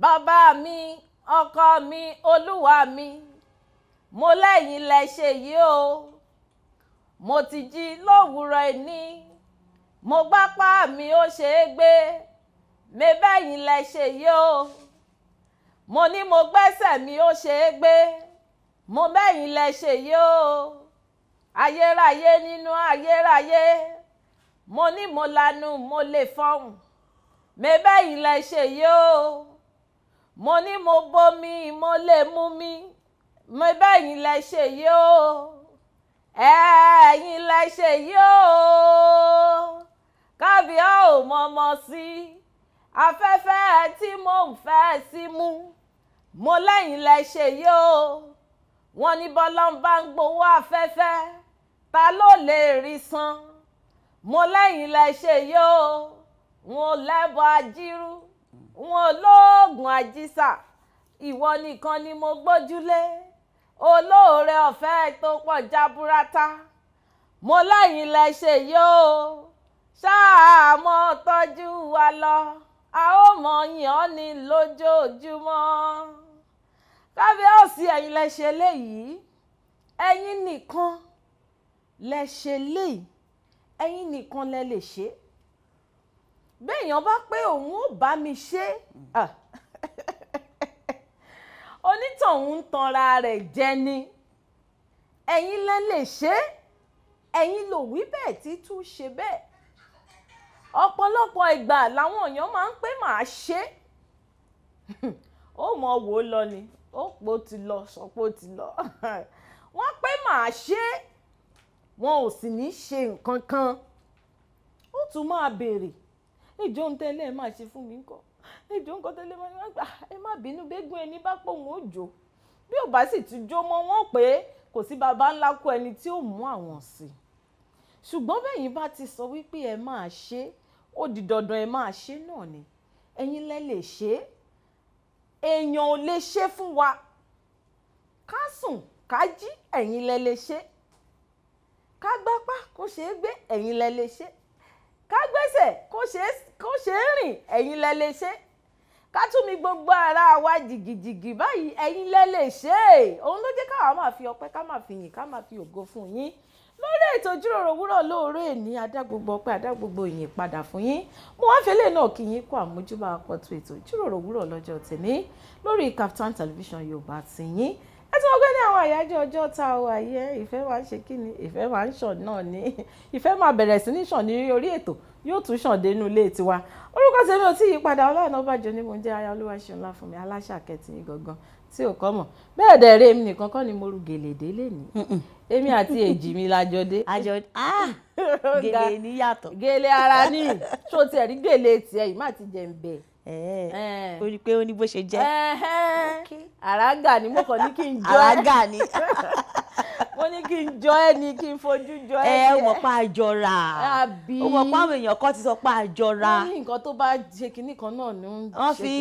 bàbá mi ọkọ mi olúwa mi mo lẹ́yìn lẹ ṣe yìí o mo ti jí lówùúrọ̀ ẹni mo gbápá mi ó ṣe é gbé mebẹ́yìn lẹ ṣe yìí o mo ní mo gbẹ́sẹ̀ mi ó ṣe é gbé mo bẹ́yìn lẹ ṣe yìí o ayérayé nínú ayérayé mo ní mo lanu mo lè fọhùn mebẹ́yìn lẹ ṣe yìí o mo ní mo bomi mo lè mú mi mo bẹ́yìn lẹ ṣe yìí o ẹ̀yin lẹ ṣe yìí o kábíyá ò mọ̀mọ́ sí afẹ́fẹ́ tí mo ń fẹ́ sí mú mo lẹ́yìn lẹ ṣe yìí o wọ́n ní bọ́lá ń bá ń gbowó afẹ́fẹ́ ta ló lè rí san mo lẹ́yìn lẹ ṣe yìí o wọn lẹ́bọ̀ ajírú wọn olóògùn àjíṣà ìwọ nìkan ni mo gbójúlé olóore ọ̀fẹ́ tó pọ̀ jaburata mo lẹ́yìn lẹ ṣe yóò ṣáà tọ́jú wa lọ a ó mọ yàn ni lójoojúmọ́ kábíyèsí ẹ̀yin lẹ ṣe léyìí ẹ̀yin nìkan lẹ ṣe léyìí ẹ̀yin nìkan lẹ lè ṣe béèyàn bá pé òun ò bá mi ṣe hmm. ah. onítọ̀hún ń tanra rẹ̀ jẹ ni ẹ̀yin lẹ lè ṣe é ẹ̀yin lò wí bẹ́ẹ̀ tí tún ṣe bẹ́ẹ̀ ọ̀pọ̀lọpọ̀ ìgbà làwọn èèyàn máa ń pé màá ṣe é ó mọ wò ó lọ ni ó pò ti lọ sọ pé ó ti lọ wọ́n pé màá ṣe é wọn ò sì ní ṣe nǹkan kan ó tún máa béèrè ẹjọ́ ń tẹ́lẹ̀ máa ṣe fún mi kọ́ ẹjọ́ ń kọ́ tẹ́lẹ̀ máa ṣe ah, ẹ má bínú gbẹ́gun ẹni bá pòun ó jò bí ò bá sì tún jó mọ́ wọn pé kò sí baba ńlá kó ẹni tí ó mú àwọn sí ṣùgbọ́n bẹ́yìn bá ti sọ wípé ẹ máa ṣe ó di dandan ẹ máa ṣe náà ni ẹ̀yin lẹ lè ṣe èèyàn ò lè ṣe fún wa ká sùn ká jí ẹ̀yin lẹ lè ṣe ká gbápá kó ṣeé gbé ẹ̀yin lẹ lè ṣe ká gbèsè kó ṣeé rìn ẹ̀yin lẹ lè ṣe ká tún mi gbogbo ara wa jìgìjìgì báyìí ẹ̀yin lẹ lè ṣe òun ló jẹ́ káwa máa fi ọpẹ́ ká máa fi yìn ká máa fi ògo fún yín lórí ètò ìjíròrò òwúrọ̀ lóòrè ní adá ọpẹ́ adá ìyìn padà fún yín mo wá fẹ́lẹ́ náà kí yín kó àmójúbà àpọ̀tù ètò ìjíròrò òwúrọ̀ lọ́jọ́ tèmi lórí Kaftan television Yorùbá ti yín ẹ tí wọ́n gbé ní àwọn àyájọ́ ọjọ́ ta wà yẹ ìfẹ́ máa ń ṣe kí ni ìfẹ́ máa ń ṣàn náà ni ìfẹ́ máa bẹ̀rẹ̀ sí ní ṣàn ní orí ètò yóò tún ṣàn dénú ilé tiwa orúkọ tèmi ò tí ì yípadà ọlọ́run ọbàjọ́ ni mo jẹ́ aya Olúwaṣeunlá fún mi aláṣàkẹ́tì yín gangan tí ò kọ́ mọ̀ bẹ́ẹ̀ dẹ̀ rí èmi nìkan kọ́ ni mo ru gèlè dé lẹ́ni èmi àti èjì mi la jọ dé. àjọ ah, gèlè níyàtọ̀. gèlè ara ní ṣó tiẹ̀ rí gèlè tiẹ̀ yìí má ti jẹ̀ ń bẹ̀ ó rí i pé ó ní bó ṣe jẹ́. àràgà ni mo kàn ní kí n jọ ẹ́ àràgà ni mo ní kí n jọ ẹ́ ni kí n fojú jọ ẹ́ ẹ wọ́n pa àjọra ó wọ́n pa àwọn èèyàn kan ti sọ pa àjọra. wọ́n ní nǹkan tó bá ṣe kinní kan náà ni wọ́n fi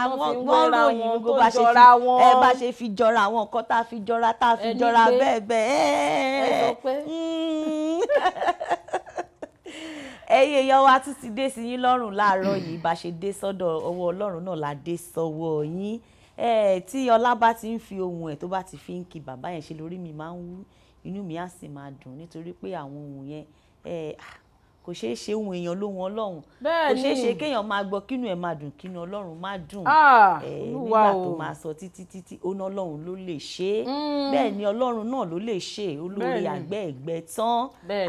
àwọn wọ́n ròyìn gbogbo bá ṣe fi ẹ bá ṣe fi jọra àwọn nǹkan tá a fi jọra tá a fi jọra bẹ́ẹ̀ bẹ́ẹ̀. ẹ sọ pé. Mm. ẹ̀yin èèyàn wa tún ti dé sí yín lọ́rùn láàárọ̀ yìí bá ṣe dé sọ́dọ̀ ọwọ́ ọlọ́run náà la dé sọ́wọ́ yín tí ọlá bá ti ń fi ohun ẹ̀ tó bá ti fi ń kí bàbá yẹn ṣe lórí mi máa ń wú inú mi á sì máa dùn nítorí pé àwọn ohun yẹn kò ṣeé ṣe ohun èèyàn lóhun ọlọ́run kò ṣeé ṣe kéèyàn máa gbọ́ kínú ẹ̀ máa dùn kínú ọlọ́run máa dùn ah, nígbà tó máa sọ títí títí ọ̀nà ọlọ́run ló lè ṣe é mm. bẹ́ẹ̀ ni ọlọ́run náà ló lè ṣe olórí àgbẹ̀ ẹ̀gbẹ́ tán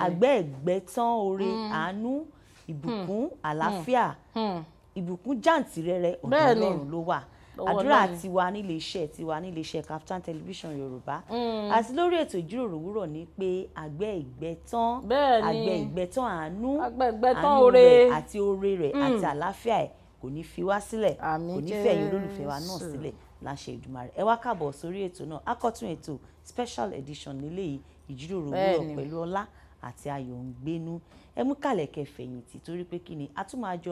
àgbẹ̀ ẹ̀gbẹ́ tán oore mm. àánú hmm. ìbùkún hmm. àlàáfíà hmm. ìbùkún jàǹtìrẹrẹ ọ̀dọ̀ ọlọ́run ló wà àdúrà tiwa nílé iṣẹ́ tiwa nílé iṣẹ́ Kaftan television yorùbá mm. àti lórí ètò ìjíròrò òwúrọ̀ ni pé àgbẹ̀ ìgbẹ́tán àgbẹ̀ ìgbẹ́tán àánú àánú rẹ̀ àti oore rẹ̀ mm. àti àlàáfíà ẹ̀ kò ní fi wá sílẹ̀ kò ní fẹ̀yìn olólùfẹ́ wa náà sílẹ̀ láṣẹ Èdùmàrè ẹ wá káàbọ̀ sórí ètò náà akọ́tún ètò special edition nílé ìjíròrò òwúrọ̀ pẹ̀lú ọlá àti ayọ̀ ń gbénú ẹ mú kàlẹ̀kẹ̀ fẹ̀yìntì torí pé kí ni a tún máa jọ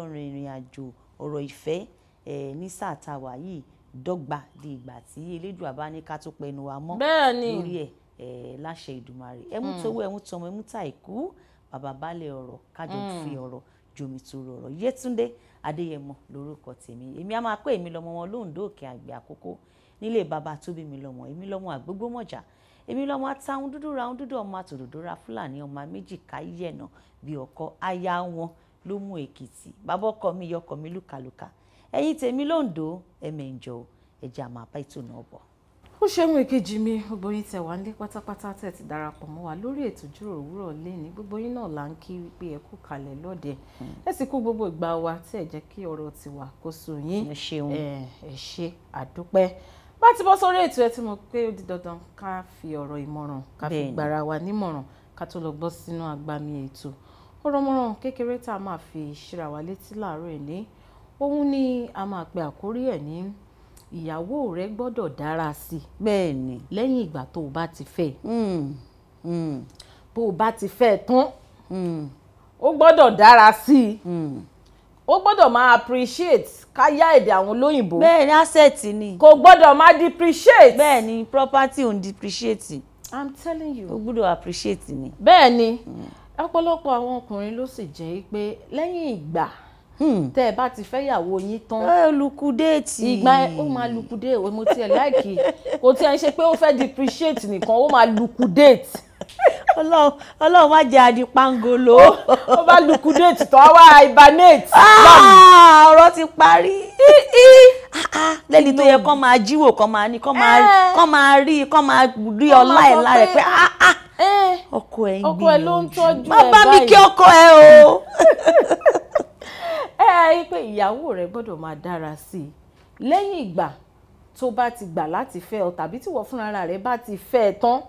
àjò ọ̀rọ̀ ìfẹ́ eh, ní sáà tá a wà yìí dọ́gba di ìgbà tí elédùà bá ní ká tó pẹnu wa mọ́ lórí ẹ̀ láṣẹ ìdùmarè ẹmú hmm. towó ẹmú tọmọ ẹmú ta ìkú bàbá balẹ̀ ọ̀rọ̀ kájọ hmm. fi ọ̀rọ̀ jomi toro ọ̀rọ̀ yétúndé adéyẹmọ lórúkọ tèmi èmi á máa pé èmi lọmọ wọn lóńdó òkè àgbẹ̀ àkókò nílé bàbá tó bí mi lọmọ èmi lọmọ àgbógbómọjà èmi lọmọ atáhùn dúdú ráhùn dúdú ọmọ àtòdòdó ra fúlàní ọmọ méjì káyẹ̀nà bíi ọkọ aya wọn ló mú èkìtì bàbá ọkọ mi yọkọ mi lùkàlùkà ẹ̀yin tèmi lóńdó ẹ̀mẹ̀ǹjọ ẹ̀jẹ̀ àmọ́ àbá ìtùnú ọ̀bọ̀. ó ṣeun èkejì mi gbogbo yín tẹ wá nílé pátápátá tẹ ti darapọ̀ mọ́ wa lórí ètò ìjíròrò òwúrọ̀ lẹ́ni gbogbo yín náà là ń kí wípé ẹ kú kalẹ̀ lọ́dẹ hmm. ẹ sì kú gbogbo ìgbà wa tẹ ẹ jẹ́ kí ọ̀rọ̀ tiwa kó sùn yín ẹ ṣe àdúpẹ́ bá ti bọ́ sórí ètò ẹ tí mo pé ó di dandan ká fi ọ̀rọ̀ ìmọ̀ràn ká fi gbàrà wa nímọ̀ràn ká tó lọ gbọ́ sínú agbami ètò ó rọmọràn kékeré tá a máa fi ṣíra wa létí láàárọ̀ ẹ̀ ní òun ni a máa pe àkórí ẹ̀ ní ìyàwó rẹ gbọ́dọ̀ dára sí i. bẹ́ẹ̀ ni. lẹ́yìn ìgbà tó o bá ti fẹ́ hmm, hmm. bó o bá ti fẹ́ ẹ tán hmm. ó gbọ́dọ̀ dára sí i ó gbọ́dọ̀ máa appreciate káyá èdè àwọn olóyìnbó. bẹ́ẹ̀ ni asset ni. kò gbọ́dọ̀ máa depreciate. bẹ́ẹ̀ ni property òun depreciate. i'm telling you. ó gbọ́dọ̀ appreciate ni. bẹ́ẹ̀ ni ọ̀pọ̀lọpọ̀ àwọn ọkùnrin ló sì jẹ́ pé lẹ́yìn ìgbà. Hmm. tẹ́ ẹ bá ti fẹ́ yàwó yín tán. ẹ lukudeeti. ìgbà ẹ ó máa lukudate mo tiẹ̀ láìkì kò tiẹ̀ ń ṣe pé ó fẹ́ depreciate nìkan ó máa lukudate ọlọ́run má jẹ́ adi pangolo. ó bá lukudate tó wá hibernate. Ah, ọ̀rọ̀ ti parí. Ah, ah, lẹ́ni tó yẹ kó máa jíwò kó máa ní kó máa rí eh. kó máa rí ọlá ẹ̀ lára ẹ̀ pé eh. ọkọ ẹ̀ ń gbìyànjú má bá mi kí ọkọ ẹ o. ẹ pé ìyàwó rẹ gbọ́dọ̀ máa dára sí i lẹ́yìn ìgbà tó bá ti gbà láti fẹ́ ọ tàbí tí wọ́n fúnra rẹ bá ti fẹ́ ẹ tán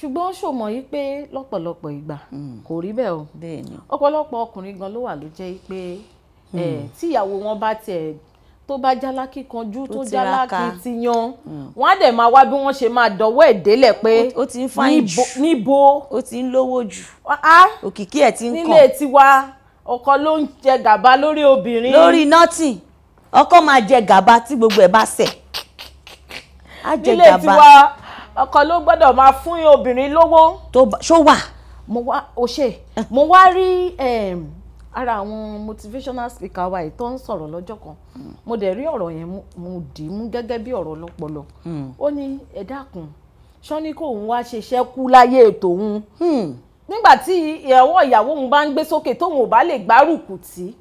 ṣùgbọ́n ṣòmọ̀ yìí pé lọ́pọ̀lọpọ̀ ìgbà hmm. kò rí bẹ́ẹ̀ o ọ̀pọ̀lọpọ̀ ọkùnrin gan ló wà ló jẹ́ pé hmm. tíyàwó wọn bá tiẹ̀ tó bá jálákì kanjú tó jálákì ti yan hmm. wọn á dẹ̀ máa wá bí wọ́n ṣe máa dọ̀wọ́ ẹ̀ délẹ̀ pé níbo ó ti ń lówó jù òkìkí ẹ̀ ti ń kàn nílé tiwa ọkọ ló ń jẹ gàba lórí obìnrin. lórí nọ́tì ọkọ máa jẹ gàba tí gbogbo ẹ̀ bá ṣẹ̀ á jẹ gàba. nílé tiwa ọkọ ló gbọ́dọ̀ máa fún obìnrin lówó. tó ṣó wà. mo wá o ṣe mo wá rí ara àwọn motivational speaker wa yìí tó ń sọ̀rọ̀ lọ́jọ́ kan hmm. mo dẹ̀ rí ọ̀rọ̀ yẹn mo dì í mú gẹ́gẹ́ bí ọ̀rọ̀ ọlọ́pọlọ hmm. ó ní ẹ dákun ṣọ́ni kò ń wá ṣiṣẹ́ kú láyé tòun hmm nígbà tí ìyàwó òun bá ń gbé sókè tóun ò bá lè gbárùkù tì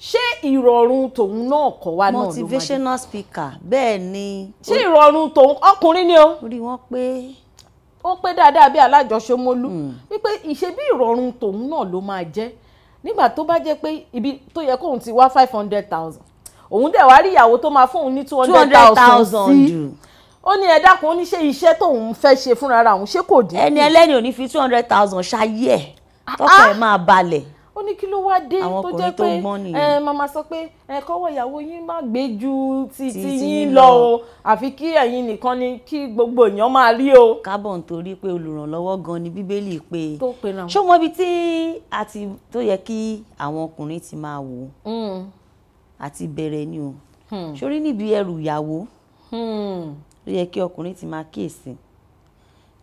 ṣé ìrọ̀rùn tòun náà kọ̀ wá náà ló máa motivational speaker bẹ́ẹ̀ ni. ṣé ìrọ̀rùn tòun ọkùnrin ni o. orí wọn pé. ó pé dáadáa bí alájọṣemólú hmm. wípé ìṣe bí ìrọ̀rùn tòun náà ló máa jẹ́ nígbà tó bá jẹ́ pé ibi tó yẹ kóun ti wá five hundred thousand òun dẹ̀ wá rí ìyàwó tó máa fóun ní two hundred thousand sí ó ní ẹ dákun ó ní ṣe iṣẹ́ tóun fẹ́ ṣe fúnra ra òun ṣé kò dín. ẹni ẹlẹ́ni ò ní fi two hundred thousand ṣayé ẹ̀ ah, tọ́kọ̀ ah. ẹ̀ máa balẹ̀. ó ní kí ló wá dé tó jẹ́ pé ẹ eh, màmá sọ pé ẹ kọ́wọ́ ìyàwó yín má gbé ju ti ti yín lọ o àfi kí ẹ̀yin nìkan ni kí gbogbo èèyàn máa rí o. kábọ̀ nítorí pé olùrànlọ́wọ́ gan ni bíbélì pé ṣó mọ ibi tí àti tó yẹ kí àwọn ọkùnrin ti máa wò àti hmm. bẹ̀rẹ̀ ni o hmm. ṣorí níbi ẹrù ìyàwó hmm tó yẹ kí ọkùnrin ti máa kíyèsí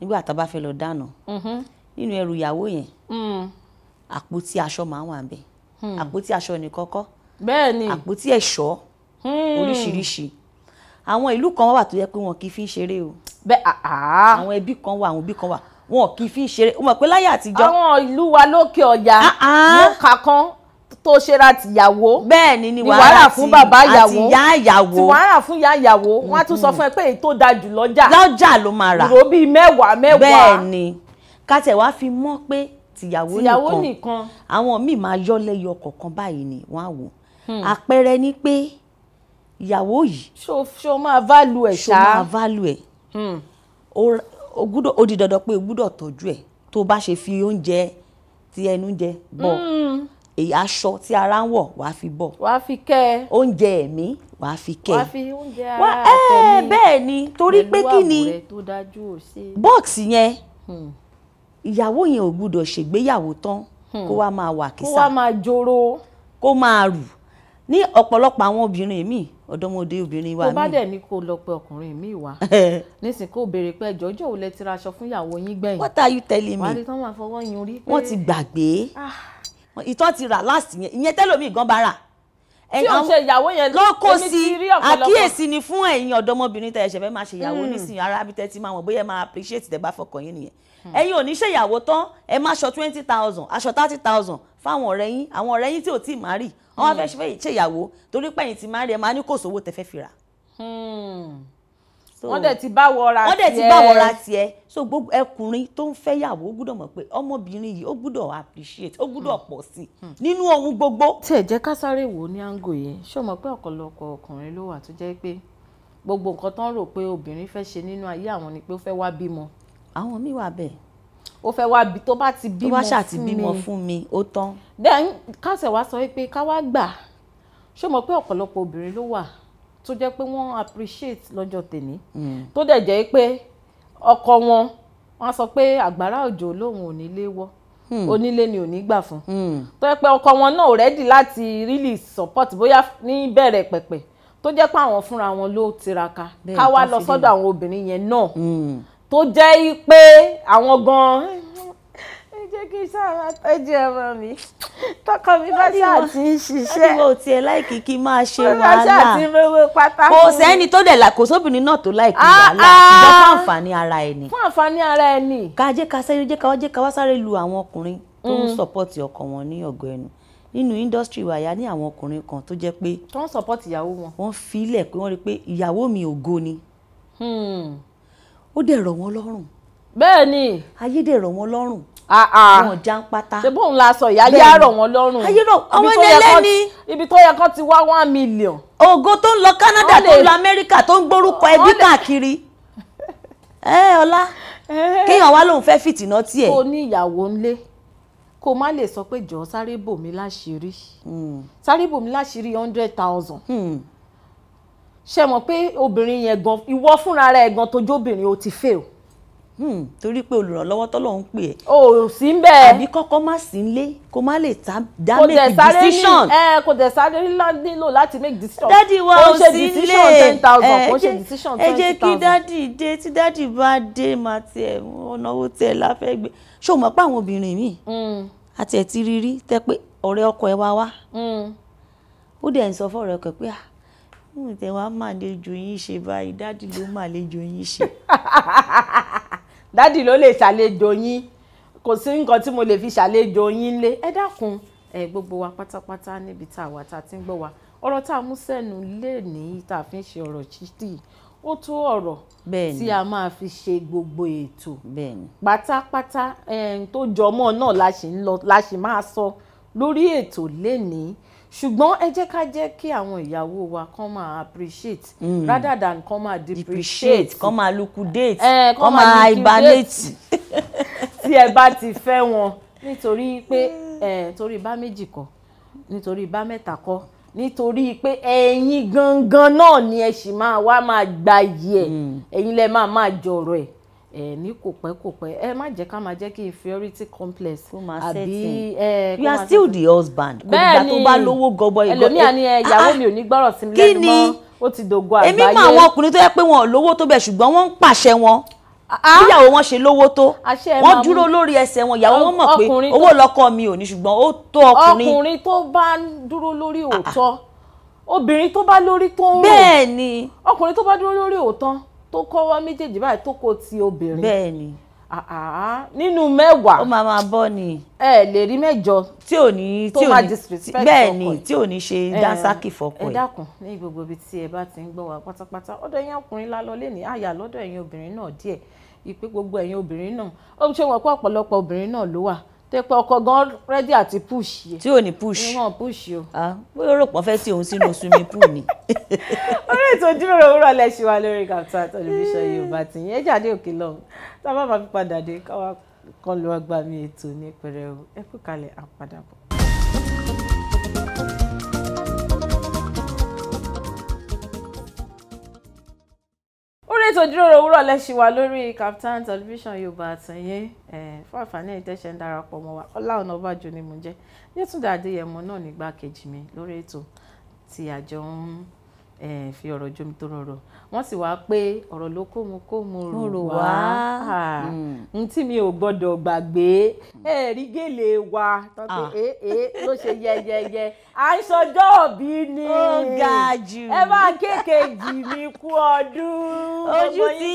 nígbà tá a bá fẹ́ lọ dáná mm-hmm. nínú ẹrù ìyàwó yẹn mm. àpótí aṣọ máa wà bẹ́ẹ̀ hmm. àpótí aṣọ ní kọ́kọ́ bẹ́ẹ̀ni àpótí ẹ̀ṣọ́ hmm. oríṣiríṣi àwọn ìlú kan wà tó yẹ pé wọn kì í fi ń ṣeré o bẹ́ẹ̀ ah, ah. àwọn ẹbí kan wà àwọn òbí kan wà wọn kì í fi ń ṣeré o mọ̀ pé láyé àtijọ́ àwọn ìlú wa lókè ọjà ah, wọn kà kan tó ṣe ra tìyàwó. bẹ́ẹ̀ ni ni wàhálà fún bàbá ìyàwó àti ìyá ìyàwó ti wàhálà fún ìyá ìyàwó wọ́n á tún sọ fún ẹ pé èyí tó da jù lọ́jà. lọ́jà ló máa rà ìró bíi mẹ́wàá mẹ́wàá. bẹ́ẹ̀ ni kátẹ̀ wá fi mọ́ pé tìyàwó nìkan àwọn míì máa yọ́ lẹ́yọ kọ̀ọ̀kan báyìí ni wọ́n á wò. Hmm. àpẹẹrẹ ni pé ìyàwó yìí. ṣó máa value ẹ̀ ṣá. ṣó máa value ẹ̀ hmm. ó di dandan pé o gbúdọ̀ tọ́jú ẹ̀ tó bá ṣe fi oúnjẹ ti ẹnu jẹ bọ̀ hmm èyí aṣọ tí ara ń wọ̀ wàá fi bọ̀. wàá fi kẹ́ ẹ. oúnjẹ ẹ̀mí wàá fi kẹ́ ẹ. wàá fi oúnjẹ ara tẹ̀lé bẹ́ẹ̀ ni torí pé kí ni bọ́ọ̀sì yẹn hmm. ìyàwó yẹn ò gbúdọ̀ ṣègbéyàwó tán hmm. kó wá máa wà kìsà kó wá máa joro kó máa rù ní ọ̀pọ̀lọpọ̀ àwọn obìnrin mi ọ̀dọ́mọdé obìnrin wa mi. tó bá dẹ̀ ní kó lọ pé ọkùnrin mi wá nísìnyí kó béèrè pé ẹjọ́ ọjọ́ ò lè tira fún ìyàwó yín gbẹ̀yìn. what are you telling me wọ́n ti gbàgbé. Ah ìtọ́ ti rà last yẹn ìyẹn tẹ́lómi gan bá rà tí ò ń ṣe ìyàwó yẹn lọ́kọ́ sí àkíyèsí ni fún ẹ̀yin ọ̀dọ́mọbìnrin tẹ̀ ẹ̀ṣẹ̀ fẹ́ máa ṣe ìyàwó hmm. nísìnyí ara bí tẹ́tí máa wọ̀n bóyá ẹ máa appreciate tẹ̀ bá fọkàn yín nìyẹn ẹ̀yin ò ní ṣe ìyàwó tán ẹ máa ṣọ twenty thousand aṣọ thirty thousand fáwọn ọ̀rẹ́ yín àwọn ọ̀rẹ́ yín tí ò tí ì máa rì wọ́n wá hmm. fẹ́ ṣe ìyàwó torí pẹ́yìn ti máa rì ẹ máa ní kò tẹ fẹ́ fira wọ́n dẹ̀ ti bá wọra tiẹ̀ wọ́n dẹ̀ ti bá wọra tiẹ̀ so gbogbo ẹkùnrin tó ń fẹ́ yàwó ó gbúdọ̀ mọ̀ pé ọmọbìnrin yìí ó gbúdọ̀ appreciate ó gbúdọ̀ hmm. pọ̀ sí i nínú ohun gbogbo. tí ẹ jẹ́ ká sáré wò ó ní àǹgò yẹn ṣé o mọ̀ pé ọ̀pọ̀lọpọ̀ ọkùnrin ló wà tó jẹ́ pé gbogbo nǹkan tán rò pé obìnrin fẹ́ ṣe nínú ayé àwọn ni pé ó fẹ́ wá bímọ. àwọn míì wà bẹ́ẹ̀. ó fẹ́ wá bí tó bá ti bímọ fún mi tó bá ṣàti bímọ fún mi ó tán. then kásẹ̀ wá sọ pé ká wá gbà ṣé o mọ̀ pé ọ̀pọ̀lọpọ̀ obìnrin ló wà tó jẹ́ pé wọ́n appreciate lọ́jọ́ tèmi mm. tó dẹ̀ jẹ́ pé ọkọ wọn wọ́n sọ pé àgbàrá òjò lòun ò nílé wọ́ hmm. onílé ni ò ní gbà fún hmm. tó jẹ́ pé ọkọ wọn náà ready láti really support bóyá ní bẹ̀rẹ̀ pẹ̀pẹ̀ tó jẹ́ pé àwọn fúnra wọn ló tiraka ká wá lọ sọ́dọ̀ àwọn obìnrin yẹn náà hmm. tó jẹ́ pé àwọn gan ẹ jẹ́ kí sáà má tọ́jú ọmọ mi tọkọ mi bá ṣáà ti ń ṣiṣẹ́ ẹni wo tiẹ̀ láìkí kí máa ṣe wàhálà kò sẹ́ni tó dẹ̀ là kò sóbìnrin náà tó láìkí ah, wàhálà ṣùgbọ́n ah. fún àǹfààní ara ẹni. fún àǹfààní ara ẹni. ká jẹ́ ká sẹ́yìn jẹ́ ká wá jẹ́ ká wá sáré lu àwọn ọkùnrin tó ń mm. sọ́pọ̀tì ọkọ wọn ní ọ̀gọ́ ẹnu nínú indọ́sítírì wa ya ní àwọn ọkùnrin kan tó jẹ́ pé. tó ń sọ́pọ̀tì ìyàwó wọn. wọ́n fi ilẹ̀ Ah, ah. wọn ò já ń pátá. ṣe bóun la sọ ìyá yá rọ̀ wọ́n lọ́rùn. ayé rọ àwọn ẹni ẹlẹ́ni. ibi tó yẹ kán ti wá one million. ògo tó ń lọ Canada tó ń lọ Amẹ́ríkà tó ń gbórúkọ ẹbí káàkiri. ẹ ọlá eh. kéèyàn wá lóun fẹ́ẹ́ fìtìná tiẹ̀. kó o ní ìyàwó ńlé kó o má lè sọ pé jọ sáré bò mí láṣìírí hmm. sáré bò láṣìírí hundred thousand hmm. ṣe mọ̀ pé obìnrin yẹn gan ìwọ fúnra rẹ̀ gan tójóbìnrin o ti fail. Hmm, torí pé olùrànlọ́wọ́ tọ́lọ́hún pè é. o ò sí ń bẹ́ẹ̀. àbí kọ́kọ́ má sí ń lé kó má lè ta dá make decision. kò dẹ̀ sáré nílò láti make decision. dádì wa ò sí ń lé ẹ jẹ́ kí dádì dé tí dádì bá dé máa tiẹ̀ ọ̀nàwó tiẹ̀ láfẹ́gbẹ́ ṣé o mọ̀ pé àwọn obìnrin mi hmm. àti ẹ̀ ti rí rí tẹ́ pé ọ̀rẹ́ ọkọ ẹ wá wá hmm. ó dẹ̀ ń sọ fọ́ọ̀rẹ́ ọkọ ẹ pé ah tẹ wàá màlejò yín ṣe báyìí dádì ló màlejò yín ṣe dádì ló lè ṣàlejò yín kò sí nǹkan tí mo lè fi ṣàlejò yín lé ẹ dákun ẹ gbogbo wa pátápátá níbi tá a wà tá a ti ń gbọ́ wa ọ̀rọ̀ tá a mú sẹ́nu lè ní tá a fi ń ṣe ọ̀rọ̀ títì ó tó ọ̀rọ̀ tí a máa fi ṣe gbogbo ètò pátápátá tó jọmọ́ náà la ṣì máa sọ lórí ètò lénìí ṣùgbọ́n ẹ jẹ́ ká jẹ́ kí àwọn ìyàwó wa kàn máa appreciate mm. rather than kàn máa depreciate kàn máa liquidate eh, kàn máa hibernate tí ẹ bá ti fẹ́ wọn nítorí pé eh, torí bá méjì kọ́ nítorí bá mẹ́ta kọ́ nítorí pé ẹ̀yin gangan náà ni ẹ sì máa wá máa gbayì ẹ̀ hmm. ẹ̀yin lẹ máa máa jọ̀rọ̀ ẹ̀ ẹ ní kò pẹ́ kò pẹ́ ẹ má jẹ́ ká máa jẹ́ kí inferiority complex àbí ẹ kó máa ṣe you are still the husband kò nígbà tó bá lówó gọbọ ìgò ẹlòmíà ni eh, ìyàwó ah, mi ò ní gbọ́rọ̀ sí mi lẹ́nu mọ́ ó ti dògo àgbáyé èmi mọ àwọn ọkùnrin tó yẹ pé wọn ò lówó tó bẹ̀ ṣùgbọ́n wọ́n ń pàṣẹ wọn ìyàwó ah, ah. wọn ṣe lówó tó wọn dúró lórí ẹsẹ̀ wọn ìyàwó wọn mọ̀ pé owó lọ́kọ mi ò ní ṣùgbọ́n ó tó ọkùnrin ọkùnrin tó bá dúró lórí òótọ́ obìnrin tó bá lórí tó ń rò bẹ́ẹ̀ ni ọkùnrin tó bá dúró lórí òótọ́ tó kọ́wọ́ méjèèjì báyìí tó kó ti obìnrin. bẹ́ẹ̀ ni. nínú mẹ́wàá. ó máa máa bọ́ ni. ẹ lè rí mẹ́jọ. tí ò ní tí ò ní bẹ́ẹ̀ ni tí ò ní ṣe dánsákì fọkọ ẹ. ẹ dákun ní gbogbo ibi tí ẹ bá ti ń gbọ́ wá pátápátá ọ̀dọ̀ ẹ̀yin ọkùnrin lálọ́ lẹ́ni àyà lọ́dọ̀ ẹ̀yin obìnrin náà díẹ̀ ìpè gbogbo ẹ̀yin obìnrin náà ó ṣe wọ́n pọ̀ ọ̀pọ̀lọpọ̀ obìnrin náà ló wà tó pé ọkọ gan rẹ́dí àti push yẹ. tí ò ní push ìwọ̀n push o. bóyá rò pọ́n fẹ́ tí òun sínú swimming pool ni. orí ètò ìjíròrò òwúrọ̀ lẹ ṣì wà lórí Kaftan television Yorùbá ti yẹn jáde òkè lọ́hùn tá a bá máa fi padà dé káwá kan lo agbami ètò ní pẹrẹu ẹ kú kalẹ̀ àpadàbọ̀. lórí ètò ìjíròrò òwúrọ̀ lẹ́sìn wa lórí captain television yorùbá àtẹ̀yìn fún àǹfààní ìtẹ́sẹ̀ ń darapọ̀ mọ́ wa Ọlá Ọ̀nàbàjọ́ ni mo jẹ́ Yétúndé Adéyẹmọ náà nígbà kejì mi lórí ètò tí àjọ ń fi ọ̀rọ̀ jomi tó rọrọ̀ wọ́n sì wá pé ọ̀rọ̀ ló kó mu kó mu rò wá hmm. tí mi ò gbọ́dọ̀ gbàgbé ẹ̀rí wa tọ́pẹ́ ee, ah. ló ṣe yẹyẹyẹ àìsànjọ́ òbí ni ga ẹ bá mi kú ọdún ojú ojú ní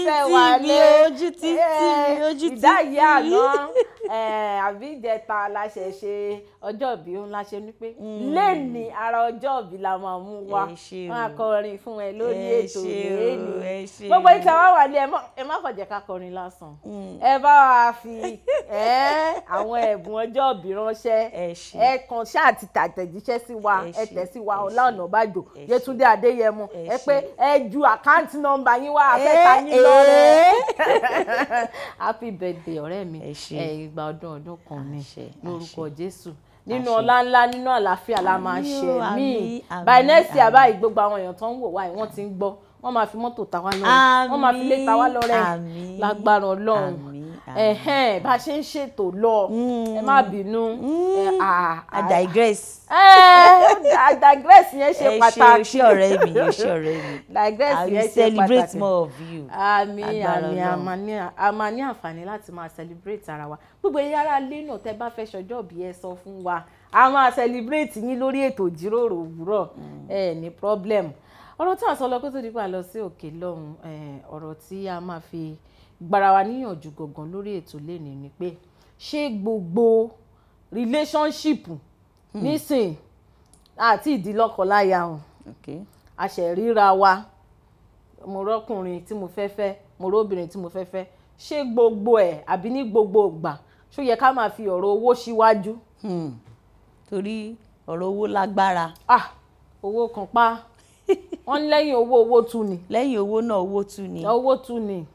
pé hmm. lẹ́ẹ̀ni kọrin fún ẹ lórí ètò ìlérí gbogbo ìta wà wà ní ẹ má kàn ká kọrin lásán mm. ẹ bá wa fi àwọn ẹ̀bùn ọjọ́ ìbí ránṣẹ́ ẹ kàn ṣáà ti tàtẹ̀jíṣẹ́ sí wa ẹ tẹ̀ sí wa Ọlá Ọ̀nàbàjò Yétúndé Adéyẹmọ ẹ pé ẹ ju àkáǹtì nọ́mbà yín wá afẹ́ta yín lọ́rẹ́ happy birthday ọ̀rẹ́ mi ìgbà ọdún ọdún kan ní lórúkọ Jésù nínú ọlá ńlá nínú àlàáfíà la máa ṣe mí by next year báyìí gbogbo àwọn èèyàn tó ń wò wáyé wọ́n ti ń gbọ́ wọ́n máa fi mọ́tò ta wá lọ́rẹ́ wọ́n máa fi lé ta wá lọ́rẹ́ lágbára Ọlọ́run ẹ̀hẹ́n bá a ṣe ń ṣètò lọ ẹ má mm. bínú. I mm. digress. I digress yẹn ṣe pàtàkì. ẹ ṣe ọ̀rẹ́ mi ẹ ṣe ọ̀rẹ́ mi. digress yẹn ṣe pàtàkì. I will celebrate more of you. àmì àmì a máa ní àǹfààní láti máa celebrate ara wa gbogbo ẹ̀yin ará ilé náà tẹ́ bá fẹ́ ṣọjọ́ bí ẹ sọ fún wa a máa celebrate yín lórí ètò ìjíròrò òwúrọ̀ mm. ẹ ní problem ọ̀rọ̀ tí a sọ lọ kó tó di pa lọ sí òkè lọ́hùn ọ̀rọ̀ tí a máa fi gbara wa níyànjú gangan lórí ètò lẹ́ni ni pé ṣé gbogbo relationship hmm. nísìn àti ìdílọ́kọláya o àṣẹríra wa mo rọ́kùnrin tí mo fẹ́ fẹ́ mo róbìnrin tí mo fẹ́ fẹ́ ṣé gbogbo ẹ̀ àbí ní gbogbo ìgbà ṣó yẹ ká máa fi ọ̀rọ̀ owó síwájú. Hmm. torí ọ̀rọ̀ owó lágbára. ah owó kan pa wọ́n lẹ́yìn owó owó tu ni. lẹ́yìn owó náà owó tu ni. owó tu ni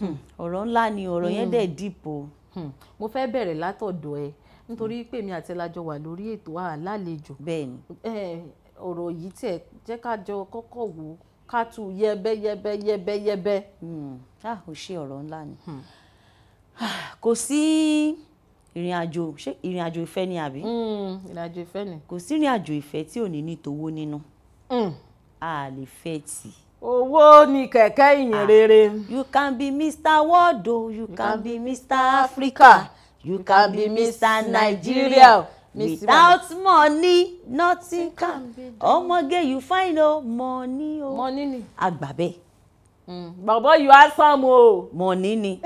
Hmm. ọ̀rọ̀ ńlá ni ọ̀rọ̀ yẹn hmm. dẹ̀ dìpò. Hmm. mo fẹ́ bẹ̀rẹ̀ látọ̀dọ̀ ẹ nítorí pé mi àti ẹlajọ wà lórí ètò àlálejò bẹ́ẹ̀ni ọ̀rọ̀ yìí tiẹ̀ jẹ́ ká jọ kọ́kọ́ wò ká tu yẹbẹ yẹbẹ yẹbẹ yẹbẹ. a ò ṣe ọ̀rọ̀ ńlá ni kò sí ìrìn àjò ṣé ìrìn àjò ìfẹ́ ni àbí. ìrìn àjò ìfẹ́ ni. kò sí ìrìn àjò ìfẹ́ tí ò ní ní tówó nínú a lè fẹ́ tì í owó ni kẹ̀kẹ́ ìyìn ah, rere. you can be Mr. World o you can be Mr. Africa you can be Mr. Nigeria without money nothing can ọmọge you find o money o money ni agbábẹ. Hmm. bọ̀bọ̀ you handsome o. money ni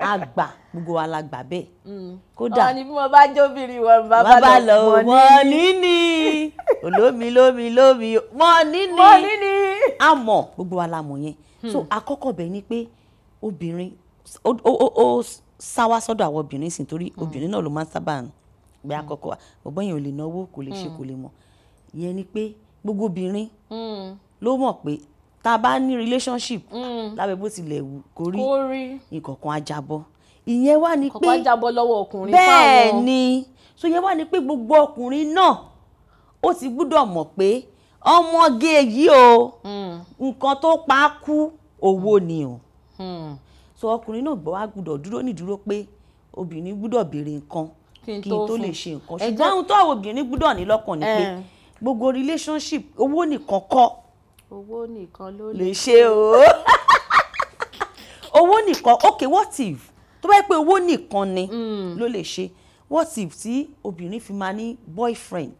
Agba. gbogbo wa la gbà bẹ́ẹ̀. Hmm. kódà wọn ni bí wọn bá jóbìnrin wọn bá bá lọ money, níní olómi lómi lómi mọ níní a mọ̀ gbogbo wa la mọ̀ yẹn hmm. so àkọ́kọ́ bẹ̀ ni pé obìnrin o o sáwá sọ́dọ̀ àwọn obìnrin sì torí hmm. obìnrin náà ló máa ń sábà gbé hmm. àkọ́kọ́ wa ọ̀gbọ́n yẹn ò lè náwó kò lè ṣe kò lè mọ̀ yẹn ni pé gbogbo obìnrin ló mọ̀ pé tá bá ní relationship lábẹ́ bó tilẹ̀ wù kó rí nǹkankan ajabọ́ ìyẹn wá ni pé bẹ́ẹ̀ ni so yẹn wá ni pé gbogbo ọkùnrin náà ó ti gbúdọ̀ mọ̀ pé ọmọge yìí o hmm. nǹkan tó pa á kú owó ni o hmm. so ọkùnrin náà gbọ́ wá gbúdọ̀ dúró nídúró pé obìnrin gbúdọ̀ béèrè nǹkan kí n tó lè ṣe nǹkan ṣùgbọ́n ohun tó àwọn obìnrin gbúdọ̀ ní lọ́kàn ni pé eh. gbogbo relationship owó nìkan kọ́ owó nìkan ló lè ṣe o owó nìkan okay what if tó bá yẹ pé owó nìkan ni hmm. ló lè ṣe what if tí obìnrin fi máa ní boyfriend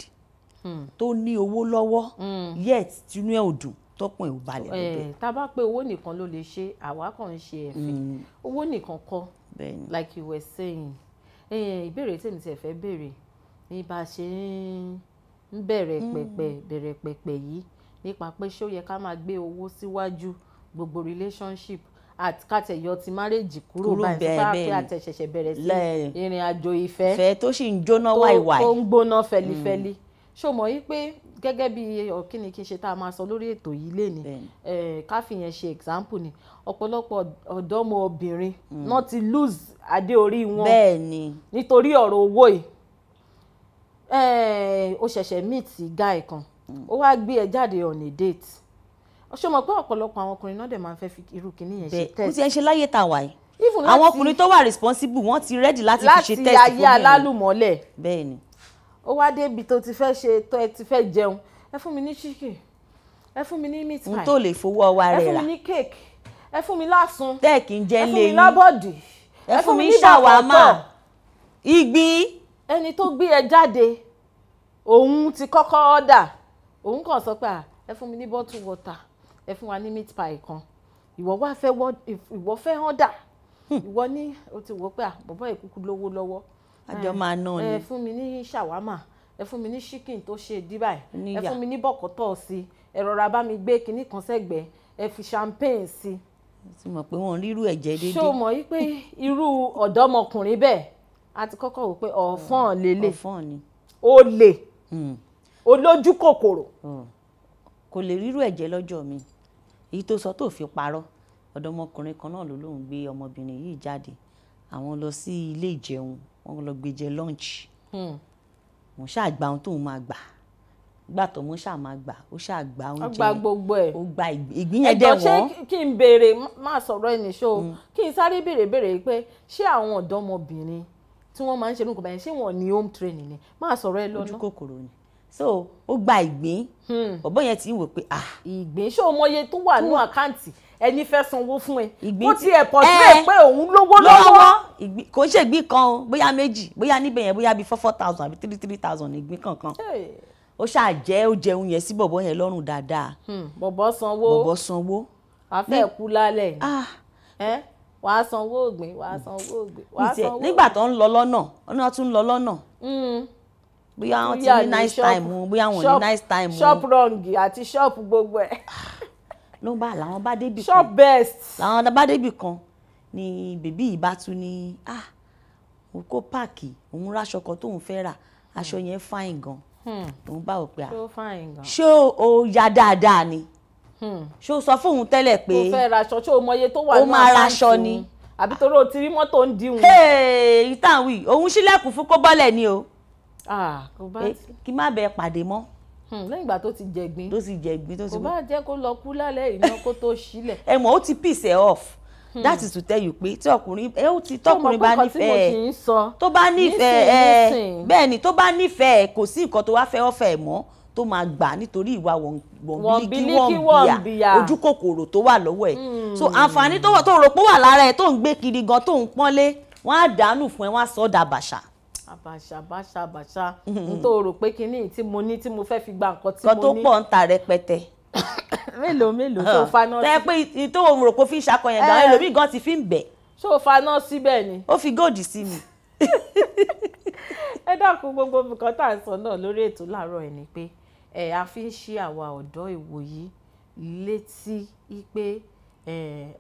Hmm. tó ní owó lọ́wọ́ hmm. yet tinú ẹ̀ ò dùn tọkùn ẹ̀ ò balẹ̀ lọ́bẹ̀. Eh, tá a bá pé owó nìkan ló lè ṣe àwa kàn ń ṣe ẹ̀fẹ̀ hmm. owó nìkan kọ́ like you were saying eh, ìbéèrè tèmi tẹ̀ fẹ́ béèrè ní bá a ṣe ń bẹ̀rẹ̀ pẹ̀pẹ̀ bẹ̀rẹ̀ pẹ̀pẹ̀ yìí nípa pé ṣé ó yẹ ká máa gbé owó síwájú gbogbo relationship àtikátẹ̀yọ ti márèjì kúrò báyìí fún pé àtẹ̀ṣẹ̀ṣẹ̀ bẹ̀rẹ̀ sí ìrìn àjò ìfẹ́ fẹ́ tó sì ń jóná wáìwáì tó ń gbóná fẹlifẹli ṣó mọ̀ yí pé gẹ́gẹ́ bí ọ̀kíni kí n ṣe tá a máa sọ lórí ètò yìí lé ká fi yẹn ṣe example ni ọ̀pọ̀lọpọ̀ ọ̀dọ́mọ obìnrin mm. náà ti lose adé orí wọn nítorí ọ̀rọ̀ owó yìí ó ṣẹ̀ṣẹ̀ meet guy kan mm. ó wá gbé ẹ jáde on a date ṣé o mọ̀ pé ọ̀pọ̀lọpọ̀ àwọn ọkùnrin náà dẹ̀ máa fẹ́ fi irú kìíní yẹn ṣe test. bẹ́ẹ̀ kò sí ẹ ṣe láyé tá a wà yìí àwọn ọkùnrin tó wà responsible wọ́n ti ready láti fi ṣe test fún mi. láti ayé alálùmọ́lẹ̀ ó wá débi tó ti fẹ́ ṣe tó ẹ ti fẹ́ jẹun ẹ fún mi ní chicken ẹ fún mi ní meat pie n tó lè fowó ọwọ́ rẹ̀ rà ẹ fún mi ní cake ẹ fún mi lásun tẹ́ kí n jẹ́ ẹ fún mi lábọ́dì ẹ fún mi ní ṣàwámà ìgbín. ẹni tó gbé ẹ jáde òun ti kọ́kọ́ ọ̀dà òun kàn sọ pé ẹ fún mi ní bottle water ẹ fún wa ní meat pie kan ìwọ wá fẹ́ ìwọ fẹ́ ọ̀dà hmm. ìwọ ní o ti wò pé bàbá ìkúkú lówó lọ́wọ́ àjọ máa ná ni. ẹ fún mi ní ṣàwámà ẹ fún mi ní ṣíkìn tó ṣe díbà ẹ fún mi ní bọ̀kọ́tọ̀ sí ẹ rọra bá mi gbé kinní kan sẹ́gbẹ̀ẹ́ ẹ fi champagne sí. ti mọ̀ pé wọ́n rírú ẹ̀jẹ̀ déédéé. ṣó mọ̀ wípé irú ọ̀dọ́mọkùnrin bẹ́ẹ̀ a ti kọ́kọ́ wò pé ọ̀fọ́n hmm, lélẹ̀ olè hmm. olójú kòkòrò. Hmm. kò lè rírú ẹ̀jẹ̀ lọ́jọ́ mi èyí tó sọ tó fi parọ́ ọ̀dọ́mọkùnrin kan náà ló lóun gbé ọmọbìnrin yìí jáde àwọn lọ sí ilé ìjẹun wọ́n lọ gbé jẹ lunch mo hmm. ṣáà gba ohun tóun máa gbà gbà tó mo ṣáà máa gbà ó ṣáà gba oúnjẹ ó gba gbogbo ẹ̀ ó gba ìgbìyànjẹ wọn. ẹ̀dọ̀ ṣé kí n béèrè má sọ̀rọ̀ ẹni ṣó hmm. kí n sáré béèrè béèrè pé ṣé àwọn ọ̀dọ́mọbìnrin tí wọ́n máa ń ṣe lóko báyìí ṣé wọ́n ní home training ni má sọ̀rọ̀ ẹ lọ́nà. ojú kòkòrò ni so ó gba ìgbín hmm. ọ̀bọ yẹn ti ń wò pé ah. ìgbín ṣé o mọye tó wà nínú àkáǹtì ẹni fẹ́ sanwó fún ẹ kó tiẹ̀ pọ̀ sílẹ̀ eh, pé òun lówó lọ́wọ́. kò ń ṣe ìgbín kan o bóyá méjì bóyá níbẹ̀ yẹn bóyá bíi four four thousand àbí three three thousand ìgbín kankan ó ṣáà jẹ́ ó jẹun yẹn sí bọ̀bọ̀ yẹn lọ́rùn dáadáa. Hmm, bọ̀bọ̀ sanwó bọ̀bọ̀ sanwó. afẹ́ kú lálẹ́ ah. eh, wàá sanwó ògbìn wàá sanwó ògbìn wàá sanwó ògbìn. nígbà tó ń lọ lọ́nà ọ̀nà tún ń lọ lọ́nà hmm. bóyá wọn ti ní nice time bóyá wọn ní nice time. shop wrong àti shop gbogbo ẹ̀. Ah ló ń bá làwọn bá débì kan shop best làwọn bá débì kan ni bèbí yìí bá tún ní ah òun kó páàkì òun ráṣọ kan tóun fẹ́ rà aṣọ yẹn fáìn gan hmm. òun bá wò pé ah o ya dáadáa ni hmm. ṣé o sọ fún òun tẹ́lẹ̀ pé o fẹ́ raṣọ ṣé o mọye tó wà ní àṣà ìṣòwò o máa raṣọ ni àbí torí o ti rí mọ́tò ń dihun. ìtàn wí òun ṣílẹ̀kùn fún kó bọ́lẹ̀ ni o ah, eh, kí má bẹ pàdé mọ́. Hmm, lẹ́yìn ìgbà tó ti jẹ̀gbín tó ti jẹ̀gbín tó ti kò bá jẹ́ kó lọ kú lálẹ́ ìná kó tó sílẹ̀. ẹ mọ̀ ó ti piece ẹ̀ off hmm. that is to tell you pé tí ọkùnrin ẹ ó ti tọkùnrin bá nífẹ̀ẹ́ tó bá nífẹ̀ẹ́ ẹ bẹ́ẹ̀ ni tó bá nífẹ̀ẹ́ kò sí nǹkan tó wá fẹ́ ọ̀fẹ́ mọ́ tó máa gbà nítorí ìwà wọ̀nbílíkí wọ̀nbíyà ojú kòkòrò tó wà lọ́wọ́ ẹ̀ hmm. so àǹfààní tó rò pé wà lára ẹ̀ tó ń gbé kiri gan tó ń pọ́nlé wọ́n á dànù fún ẹ wọ́n á sọ ọ́ dàbàṣà àbàṣà àbàṣà àbàṣà n tó rò pé kinní tí mo ní tí mo fẹ́ fi gba nǹkan tí mo ní. kan tó pọ̀ ń ta rẹpẹtẹ mélòó mélòó tó faná sí. tẹ́ pé ìtò òun rò kó fi ṣakọ yẹn gan eh. ẹlòmíì gan ti fi ń bẹ̀. ṣó o faná síbẹ̀ ni. ó fi góòdì sí mi. ẹ dákun gbogbo nǹkan tá à ń sọ náà lórí ètò láàárọ̀ ẹ̀ ni pé ẹ̀ a fi ń ṣí àwa ọ̀dọ́ ìwòyí létí pé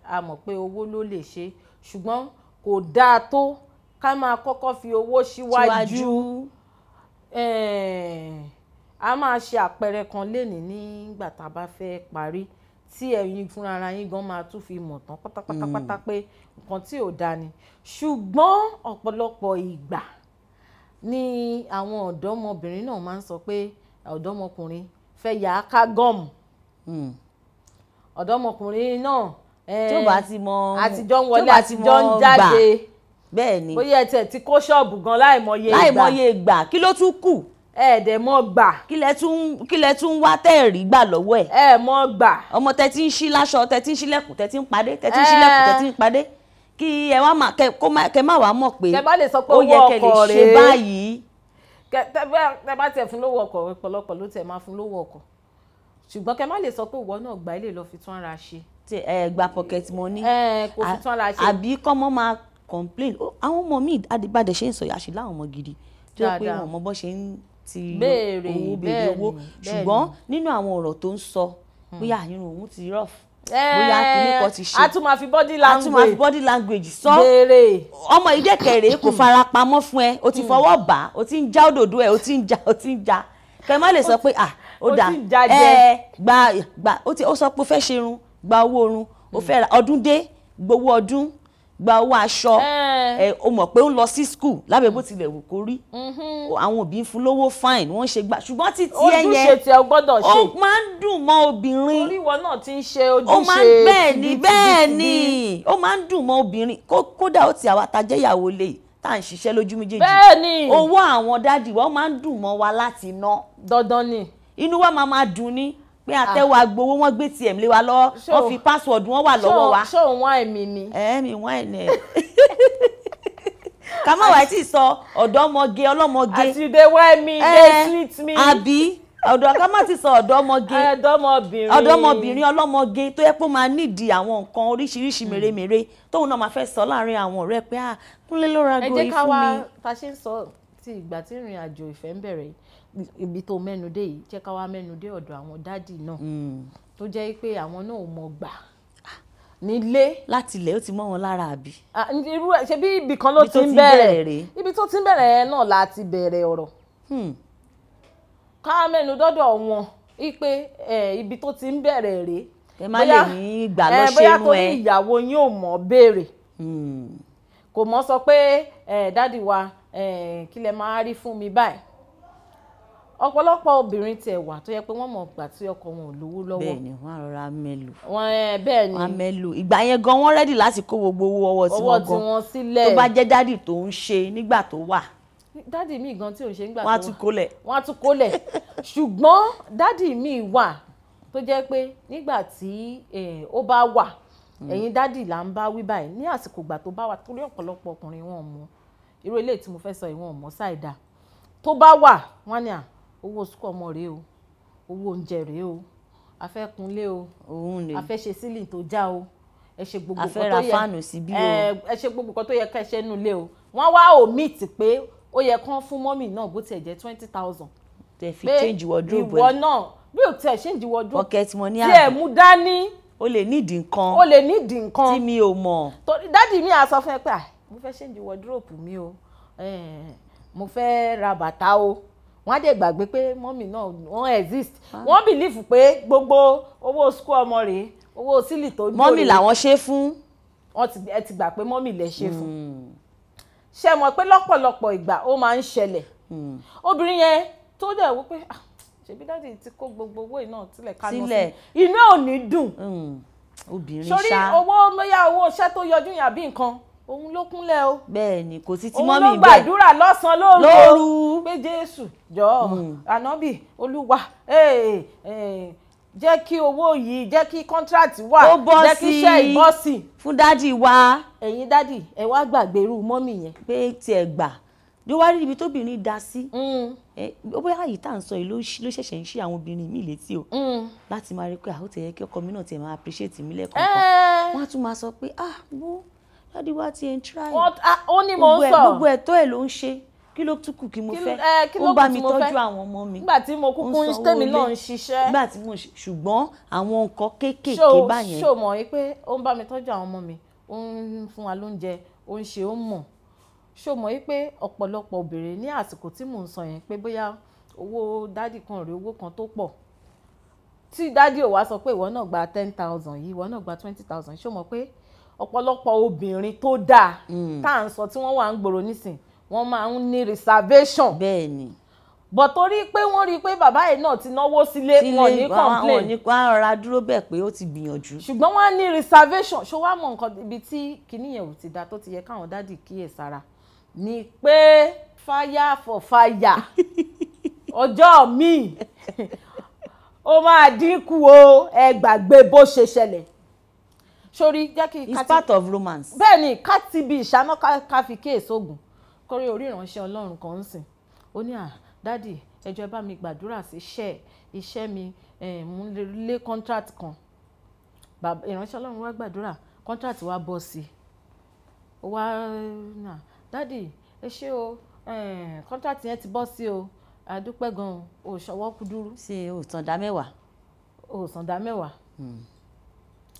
a mọ̀ pé owó ló lè ṣe ṣùgbọ́n kò dáa tó ká máa kọ́kọ́ fi owó síwájú a máa ṣe àpẹẹrẹ kan lénìí nígbà tá a bá fẹ́ parí tí ẹ̀yin fúnra ara yín gan máa tún fi mọ̀ tán pátápátápátá mm. pé nǹkan tí ò dáa ni ṣùgbọ́n ọ̀pọ̀lọpọ̀ ìgbà ni àwọn ọ̀dọ́mọbìnrin náà máa ń sọ pé ọ̀dọ́mọkùnrin fẹ́ yà á ká gọ́ọ̀mù hmm. ọ̀dọ́mọkùnrin náà tó bá ti mọ àtijọ́ ń wọlé àtijọ́ ń jáde bẹ́ẹ̀ ni bóyá ẹ tẹ̀ ti kó ṣọ́ọ̀bù gan láìmọye ìgbà láìmọye ìgbà kí ló tún kù ẹ̀ẹ́dẹ̀ mọ́ gbà. kílẹ̀ tún kílẹ̀ tún wá tẹ́ẹ̀rí gbà lọ́wọ́ ẹ̀. ẹ mọ́ gbà. ọmọ tẹ ti ń ṣí láṣọ tẹ ti ń ṣílẹ̀kùn tẹ ti ń padé tẹ ti ń ṣílẹ̀kùn tẹ ti ń padé kí ẹ wá má kẹ kó má kẹ má wàá mọ̀ pé ó yẹ kẹ lè ṣe báyìí. tẹ bá tiẹ̀ fún lówó ọkọ̀ ọ̀pọ̀lọpọ̀ ló tiẹ̀ máa fún lówó ọkọ̀ ṣùgbọ́n kẹ má lè sọ pé ìwọ náà gbà ilé lọ fi tún ara ṣe. ẹ gba pocket money. ẹ kò fi tún ara ṣe. àbí kọ́mọ́ máa complain àwọn ọmọ mi adìbàdẹ ṣe ń sọ yàṣì láwọn ọmọ gidi tó yẹ pé wọn mọ bọ́ ṣe ń ti owó béèrè owó ṣùgbọ́n nínú àwọn ọ̀rọ̀ tó ń sọ hmm. bóyá irun òun ti rough eh, bóyá kìnnìkan ti ṣe a tún máa body language a tún máa fi body language sọ ọmọ ìdẹ́kẹ̀rẹ́ kò hmm. fara pamọ́ fún ẹ o ti hmm. fọwọ́ bà á o ti ń já òdòdó ẹ o ti ń já o ti ń já kẹ má lè sọ pé ah ó dà ẹ eh, gba gba ó sọ pé ó fẹ́ ṣerun gba owó orun ó fẹ́ ra ọdún dé gbowó ọdún gba owó aṣọ ẹ eh. eh, o mọ̀ pé ó ń lọ sí school lábẹ́ bó tilẹ̀ wù kó rí mm-hmm. àwọn òbí ń fún lówó fine wọ́n ń ṣe gbà ṣùgbọ́n títí ẹ yẹn ojúṣe tí ẹ gbọ́dọ̀ ṣe ó máa ń dùn mọ́ obìnrin orí ìwọ náà ti ń ṣe ojúṣe bẹ́ẹ̀ ni bẹ́ẹ̀ ni máa ń dùn mọ́ obìnrin kódà ó ti àwa ta jẹ́yàwó lè tá à ń ṣiṣẹ́ lójú méjèèjì bẹ́ẹ̀ ni owó àwọn dádì wa ó máa ń dùn mọ́ wa láti ná dandan ni inú wa máa máa dùn ni pé àtẹ̀wò ah. agbowó wọ́n gbé tìẹ̀ lé wa lọ́wọ́ wọ́n fi password wọn wà lọ́wọ́ wa. ṣó ń wá èmi ni. ẹ mi wá ẹ̀ nẹ̀. ká má wàá tí ì sọ ọ̀dọ́mọge ọlọ́mọge. àti they wear me they treat me. àbí ọ̀dọ́ ká má ti sọ ọ̀dọ́mọge ọ̀dọ́mọbìnrin ọlọ́mọge tó yẹ pé máa nídìí àwọn nǹkan oríṣiríṣi hmm. mèremère tóun náà máa fẹ́ sọ láàrin àwọn ọ̀rẹ́ pé ah kúnlé ló ra gòrí fún mi. ẹ jẹ́ ká wá ta ṣe ń sọ ti ìgbà tí ìrìn àjò ìfẹ́ ń bẹ̀rẹ̀ yìí ibi tó mẹ́nu dé yìí jẹ́ ká wá mẹ́nu dé ọ̀dọ̀ àwọn dádì náà hmm. tó jẹ́ pé àwọn náà ò mọ̀ gbà nílé. láti ilẹ̀ ó ti mọ́ wọn lára àbí. irú ẹ ṣe bí ibì kan ló ti ń bẹ̀rẹ̀ ibi tó ti ń bẹ̀rẹ̀ yẹn náà la ti bẹ̀rẹ̀ ọ̀rọ̀. Hmm. ká mẹ́nu dọ́dọ̀ wọn pé ibi tó ti ń bẹ̀rẹ̀ rèé. ẹ má lè ní ìgbà lọ ṣe mú ẹ. bóyá torí ìyàwó yín ò mọ̀ béèrè. Hmm. kò mọ̀ sọ pé dádì wa kí lẹ máa rí fún mi báyìí ọ̀pọ̀lọpọ̀ obìnrin tiẹ̀ wà tó yẹ pé wọ́n mọ̀ gbà tí ọkọ wọn ò lówó lọ́wọ́. bẹ́ẹ̀ni wọn rọra mẹlò. wọn ẹ bẹ́ẹ̀ni wọn mẹlò ìgbà yẹn gan wọn rẹdì láti kó gbogbo owó ọwọ́ tí wọn gan ọwọ́ tí wọn sílẹ̀ tó bá jẹ dádì tó ń ṣe nígbà tó wà. dádì mi gan tí ò ń ṣe nígbà tó wà wọn á tún kólẹ̀. wọn á tún kólẹ̀ ṣùgbọ́n dádì mi wà tó jẹ pé nígbà tí ó bá wà hmm. ẹ̀yin dádì là ń bá wí báyìí ní àsìkò ìgbà tó bá wà torí ọ̀pọ̀lọpọ̀ ọkùnrin wọn mọ irú eléyìí à owó sukú ọmọ rèé o owó oúnjẹ rèé o a fẹ́ kunlé o a fẹ́ ṣe sílìn tó já o ẹ ṣe gbogbo nǹkan tó yẹ ẹ ṣe gbogbo nǹkan tó yẹ kẹ́ ṣe nulẹ̀ o wọ́n wá omit pé ó yẹ kán fún mọ́mì náà bó tiẹ̀ jẹ́ twenty thousand tẹ fi change wardrobe ìwọ náà bí o tẹ change wardrobe pocket money àbí tí ẹ mú dání. o lè nídìí nǹkan o lè nídìí nǹkan tí mi ò mọ̀. torí dáàdi mi á sọ fún ẹ pé mo fẹ́ change wardrobe mi o mo fẹ́ ra bàtà o wọ́n á dẹ̀ gbàgbé pé mọ́mì náà wọ́n exist ah. wọ́n believe pé gbogbo owó school ọmọ rèé owó sílì tó dúró mọ́mì làwọn ṣe fún. wọ́n ti ẹ ti gbà pé mọ́mì lẹ ṣe fún. Hmm. ṣe mọ̀ pé lọ́pọ̀lọpọ̀ ìgbà ó máa ń ṣẹlẹ̀ hmm. obìnrin yẹn tó dẹ̀ wò pé ah, ṣèbí dáàdi ti kó gbogbo owó iná tilẹ̀ kánú sí inú ò ní dùn. Hmm. obìnrin ṣá sórí owó mẹ́yà owó iṣẹ́ tó yọjú yàn bí nǹkan òun ló kúnlẹ̀ o. bẹ́ẹ̀ni kò sí tí mọ́mì bẹ́ẹ̀ òun ló gbàdúrà lọ́sàn-án lóru lóru pé jésù jọ̀ọ́ hmm. ànábì olúwa eh, eh, jẹ́ kí owó yìí jẹ́ kí contract wà jẹ́ kí iṣẹ́ ìbọ́sì. fún dádì wa. ẹ̀yin dádì ẹ wá gbàgbé irú mọ́mì yẹn. pé tiẹ̀ gbà ló wá rí ibi tóbìnrin da sí. Hmm. Eh, ó bóyá àyè tá à ń sọ yìí ló ṣẹ̀ṣẹ̀ ń ṣe àwọn obìnrin mi létí o. Hmm. láti máa rí pé àwọn tẹ̀yẹ kí ọkọ mi náà tẹ̀ máa appreciate mi lẹ́kọ̀ọ́kan. wọ́n á tún máa sọ pé ah bó dádì wa ti ẹ̀ ń tíráì ah, gbogbo ẹ̀tọ́ ẹ̀ ló ń ṣe kí ló tún kù kí mo fẹ́ eh, ó bá mi tọ́jú àwọn ọmọ mi nígbà tí mo kúkú ń tẹ̀mí náà ń ṣiṣẹ́ nígbà tí mo ṣùgbọ́n àwọn nǹkan kéékèèké báyẹn. ṣó mọ̀ wípé ó ń bá mi tọ́jú àwọn ọmọ mi ó ń fún wa lóúnjẹ ó ń ṣe ó mọ̀ ṣó mọ̀ wípé ọ̀pọ̀lọpọ̀ obìnrin ní àsìkò tí mò ń sọ yẹn pé bóyá owó dádì kan rèé owó kan tó pọ̀ tí dádì ò wá sọ pé ìwọ náà gba ten thousand yìí ìwọ náà gba twenty thousand ṣó mọ̀ pé ọ̀pọ̀lọpọ̀ obìnrin tó dáa mm. tá à ń sọ tí wọ́n wà ń gbòòrò nísìn wọ́n máa ń ní reservation. bẹ́ẹ̀ni bọ̀ torí pé wọ́n rí i pé bàbá yìí náà ti náwó sílé wọn ní complain. wọn wọn rọra dúró bẹ́ẹ̀ pé ó ti gbìyànjú. ṣùgbọ́n wọ́n á ní reservation ṣó wàá mọ nǹkan ibi tí kinní yẹn ò ti da tó ti yẹ káwọn dádì kíyè sára ni pé fire for fire ọjọ́ míì ó máa dínkù o ẹ gbàgbé bó ṣe ṣẹlẹ̀ sórí jẹ́ kí. it's part of romance. bẹ́ẹ̀ ni ká ti bi ìṣáná ká fi kéèsì ogun kórè orí ìránṣẹ́ ọlọ́run kan ń sìn ó ní à ah, dádì bá mi gbàdúrà sí iṣẹ́ iṣẹ́ mi eh, mú lé contract kan ìránṣẹ́ ọlọ́run wa gbàdúrà contract wa bọ́ sí i ó wá nà dádì ẹ ṣé o eh, contract yẹn ti bọ́ sí o àdúpẹ́ gan-an ò ṣọwọ́ kúdúrú. ṣe òsàndá mẹ́wàá. òsàndá mẹ́wàá. Hmm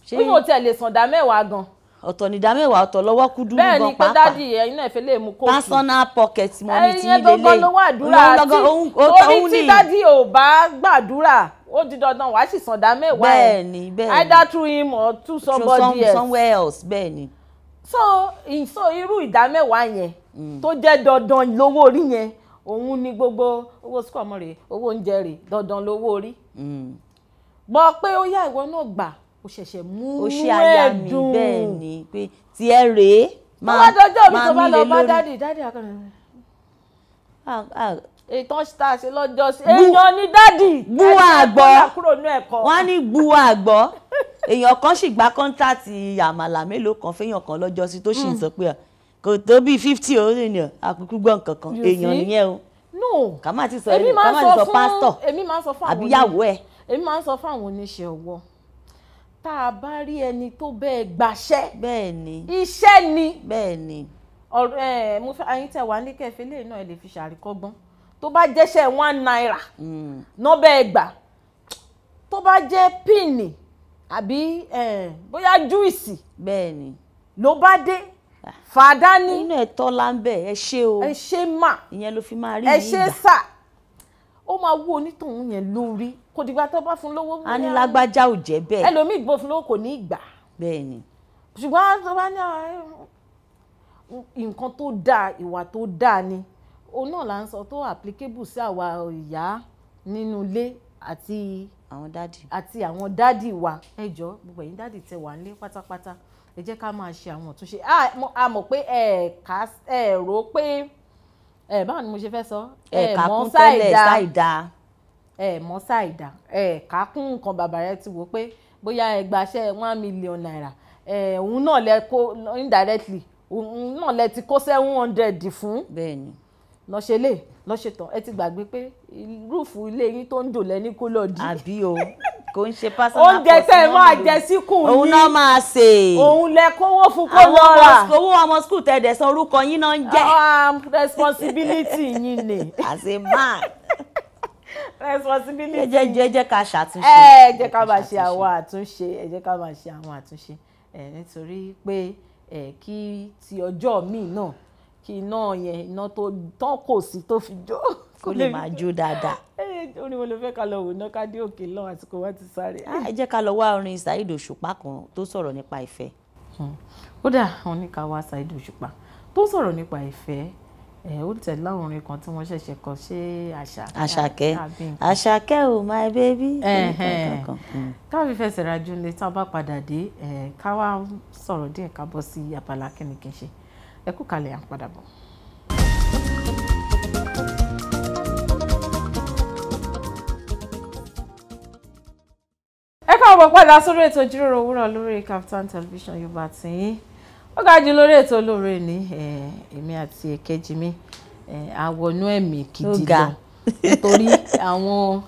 ṣé bí mo tẹ̀ lè san dá mẹ́wàá gan. ọ̀tọ̀ ni dá mẹ́wàá ọ̀tọ̀ lọ́wọ́ kú dúró gan pàápàá bẹ́ẹ̀ ni pé dádì ẹ̀ iná ìfẹ́ lè mú kóòtù. personal pocket money ti yí lélẹ̀ ẹ̀yin ló wà àdúrà torí tí dádì gbàdúrà ó di dandan wàá sì san dá mẹ́wàá ẹ̀ bẹ́ẹ̀ ni bẹ́ẹ̀ ni either through him or to somebody else somewhere else bẹ́ẹ̀ ni. so so irú ìdá mẹ́wàá yẹn mm. tó jẹ́ dandan lówó orí yẹn òun ni gbogbo owó sukọ̀ ọmọ rẹ̀ owó oúnjẹ rẹ̀ dandan lówó orí mm. gbọ́ pé ó yá ìwọ náà gbà ó ṣẹ̀ṣẹ̀ mú ẹ̀dùn ó ṣe aya mi bẹ́ẹ̀ ni pé tiẹ̀ rèé máa máa mi lè lórí. tó bá dọjọ́ mi tó bá lọ bá dádì dádì akọrin ìtàn tá a ṣe lọ́jọ́ sí èèyàn ní dádì gbúwà àgbọ̀ wọ́n á ní gbúwà àgbọ̀ èèyàn kan sì gba kọ́ńtàtì àmàlà mélòó kan fẹ́yàn kan lọ́jọ́ sí tó sì ń hmm. sọ pé kò tó bíi fifty ó rìnà àkùkù gbọ̀n kankan èèyàn nìyẹn o kà má ti sọ pásítọ̀ àbíyàwó ẹ̀. èmi máa ń sọ fún àwọn oníṣẹ́ ọwọ́ tá a bá rí ẹni tó bẹ́ẹ̀ gbàṣẹ́ bẹ́ẹ̀ ni iṣẹ́ ni bẹ́ẹ̀ ni ọ̀rọ̀ ẹ̀ mo fẹ́ ayín tẹ̀ wá ní kẹfẹ́ lẹ́yìn náà ẹ lè fi ṣàríkọ́gbọ́n tó bá jẹ́ṣẹ́ one naira hmm. náà bẹ́ẹ̀ gbà tó bá jẹ́ píìnì àbí bóyá júìsì bẹ́ẹ̀ ni ló bá dé fàdá ní. inú ẹ̀ tọ́ la ń bẹ̀ ẹ ṣe o ẹ ṣe mà ìyẹn ló fi máa rí ìgbà ẹ ṣe sà ó máa wú onítọ̀hún yẹn lórí kò dìgbà tó bá fún lówó. a ní lágbájá ò jẹ́ bẹ́ẹ̀. ẹlòmíì gbọ́ fún lówó kò ní ìgbà. bẹ́ẹ̀ ni. ṣùgbọ́n tó bá ní ah, nǹkan tó dáa ìwà tó dáa ni òun náà là ń sọ tó applicable sí àwa ìyá nínú ilé àti àwọn dádì àti àwọn dádì wa ẹ jọ gbogbo ẹ̀yin dádì tẹ wà nílé pátápátá ẹ jẹ́ ká máa ṣe àwọn àtúnṣe ah, a mọ̀ pé ẹ̀ ká ẹ̀ rò pé ẹ báwo ni mo ṣe fẹ́ sọ. ẹ kàkún tẹ́lẹ̀ ṣáìdá. ẹ mọ ṣáìdá ẹ kàkún nǹkan bàbá rẹ ti wò pé bóyá ẹ gbaṣẹ́ one million naira ẹ òun náà lẹ kó indirectly òun náà lẹ ti kó seven hundred fún. bẹ́ẹ̀ni lọ́ṣẹ́ lè lọ́ṣẹ́ tán ẹ ti gbàgbé pé rúùfù ilé yín tó ń dò lẹ́ni kó lọ dí. àbí o kò ń ṣe personal person oúnjẹ tẹ ẹ máa jẹ síkùn yín òun náà máa ṣe òun lẹ kówó fún kó lọ rà owó ọmọ skul tẹ san orúkọ yín náà ń jẹ́. Ah, um, responsibility yín ni. as a man responsibility. ẹ jẹ́ jẹ́ jẹ́ ká ṣàtúnṣe. Eh, ẹ jẹ́ ká máa ṣe àwọn àtúnṣe ẹ jẹ́ ká máa ṣe àwọn àtúnṣe eh, nítorí pé eh, kí ti ọjọ́ míì náà kí iná yẹn iná tó tán kò sí tó fi jó. kó lè máa jó dáadáa. orin wo ló fẹ́ ká lọ wò ná ká dé òkè lọ àsìkò wa ti sáré. Ah, ẹ jẹ́ ká lọ wá orin Saheed Òṣùpá kan tó sọ̀rọ̀ nípa ìfẹ́. kódà hmm. òun Saheed Òṣùpá tó sọ̀rọ̀ nípa ìfẹ́ ẹ ó tẹ̀lé orin kan tí wọ́n ṣẹ̀ṣẹ̀ kọ ṣé àṣàkẹ́ àṣàkẹ́ o my baby hmm. káfí fẹsẹ̀ rajú ní tá a bá padà dé ká wá sọ̀rọ̀ díẹ̀ ká bọ́ sí abala kínníkínṣe ẹ kú kalẹ̀ à ń padà bọ̀. ẹ káàbọ̀ padà sórí ètò ìjíròrò òwúrọ̀ lórí Kaftan television yorùbá tí ó ga jù lórí ètò olóore ní èmi àti èkejì mi àwọnú ẹ̀mí gidi lọ nítorí àwọn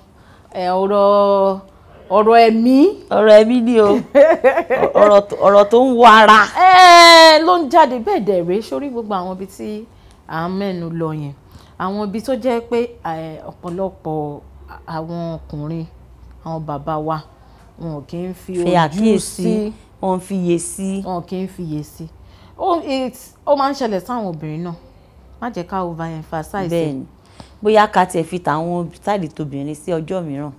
ọ̀rọ̀ ọ̀rọ̀ ẹ̀mí. ọ̀rọ̀ ẹ̀mí ni o ọ̀rọ̀ tó ń wọ ara. ló ń jáde bẹ́ẹ̀ dẹ̀ rèé sórí gbogbo àwọn ibi tí à ń mẹ́nu lọ yẹn àwọn ibi tó jẹ́ pé ọ̀pọ̀lọpọ̀ àwọn ọkùnrin àwọn bàbá wa wọn kì í fi ojú sí wọn fi yè sí. wọn kì í fi yè sí ó máa ń ṣẹlẹ̀ sáwọn obìnrin náà má jẹ́ ká over emphasize. bẹ́ẹ̀ni bóyá ká tiẹ̀ fi tàwọn táàdì tóbìnrin sí ọjọ́ mìíràn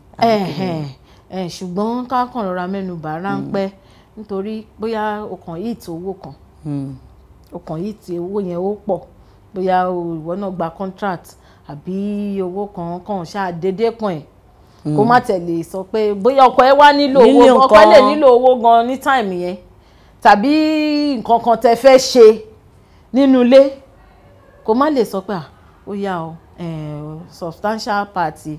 ṣùgbọ́n ká kàn rọra mẹ́nu bà ráńpẹ́ nítorí bóyá o kàn yìí tó owó kan o hmm. kàn yìí tí owó yẹn ó pọ̀ bóyá ìwọ náà gba contract àbí owó kan kàn ṣáà déédéé kàn ẹ̀ kó hmm. má tẹ̀lé sọ pé bóyá ọkọ ẹ wá nílò owó ọkọ lè nílò owó gan ní táìmù yẹn tàbí nǹkan kan tẹ fẹ́ ṣe nínú ilé kó má lè sọ pé ó yá o substantial party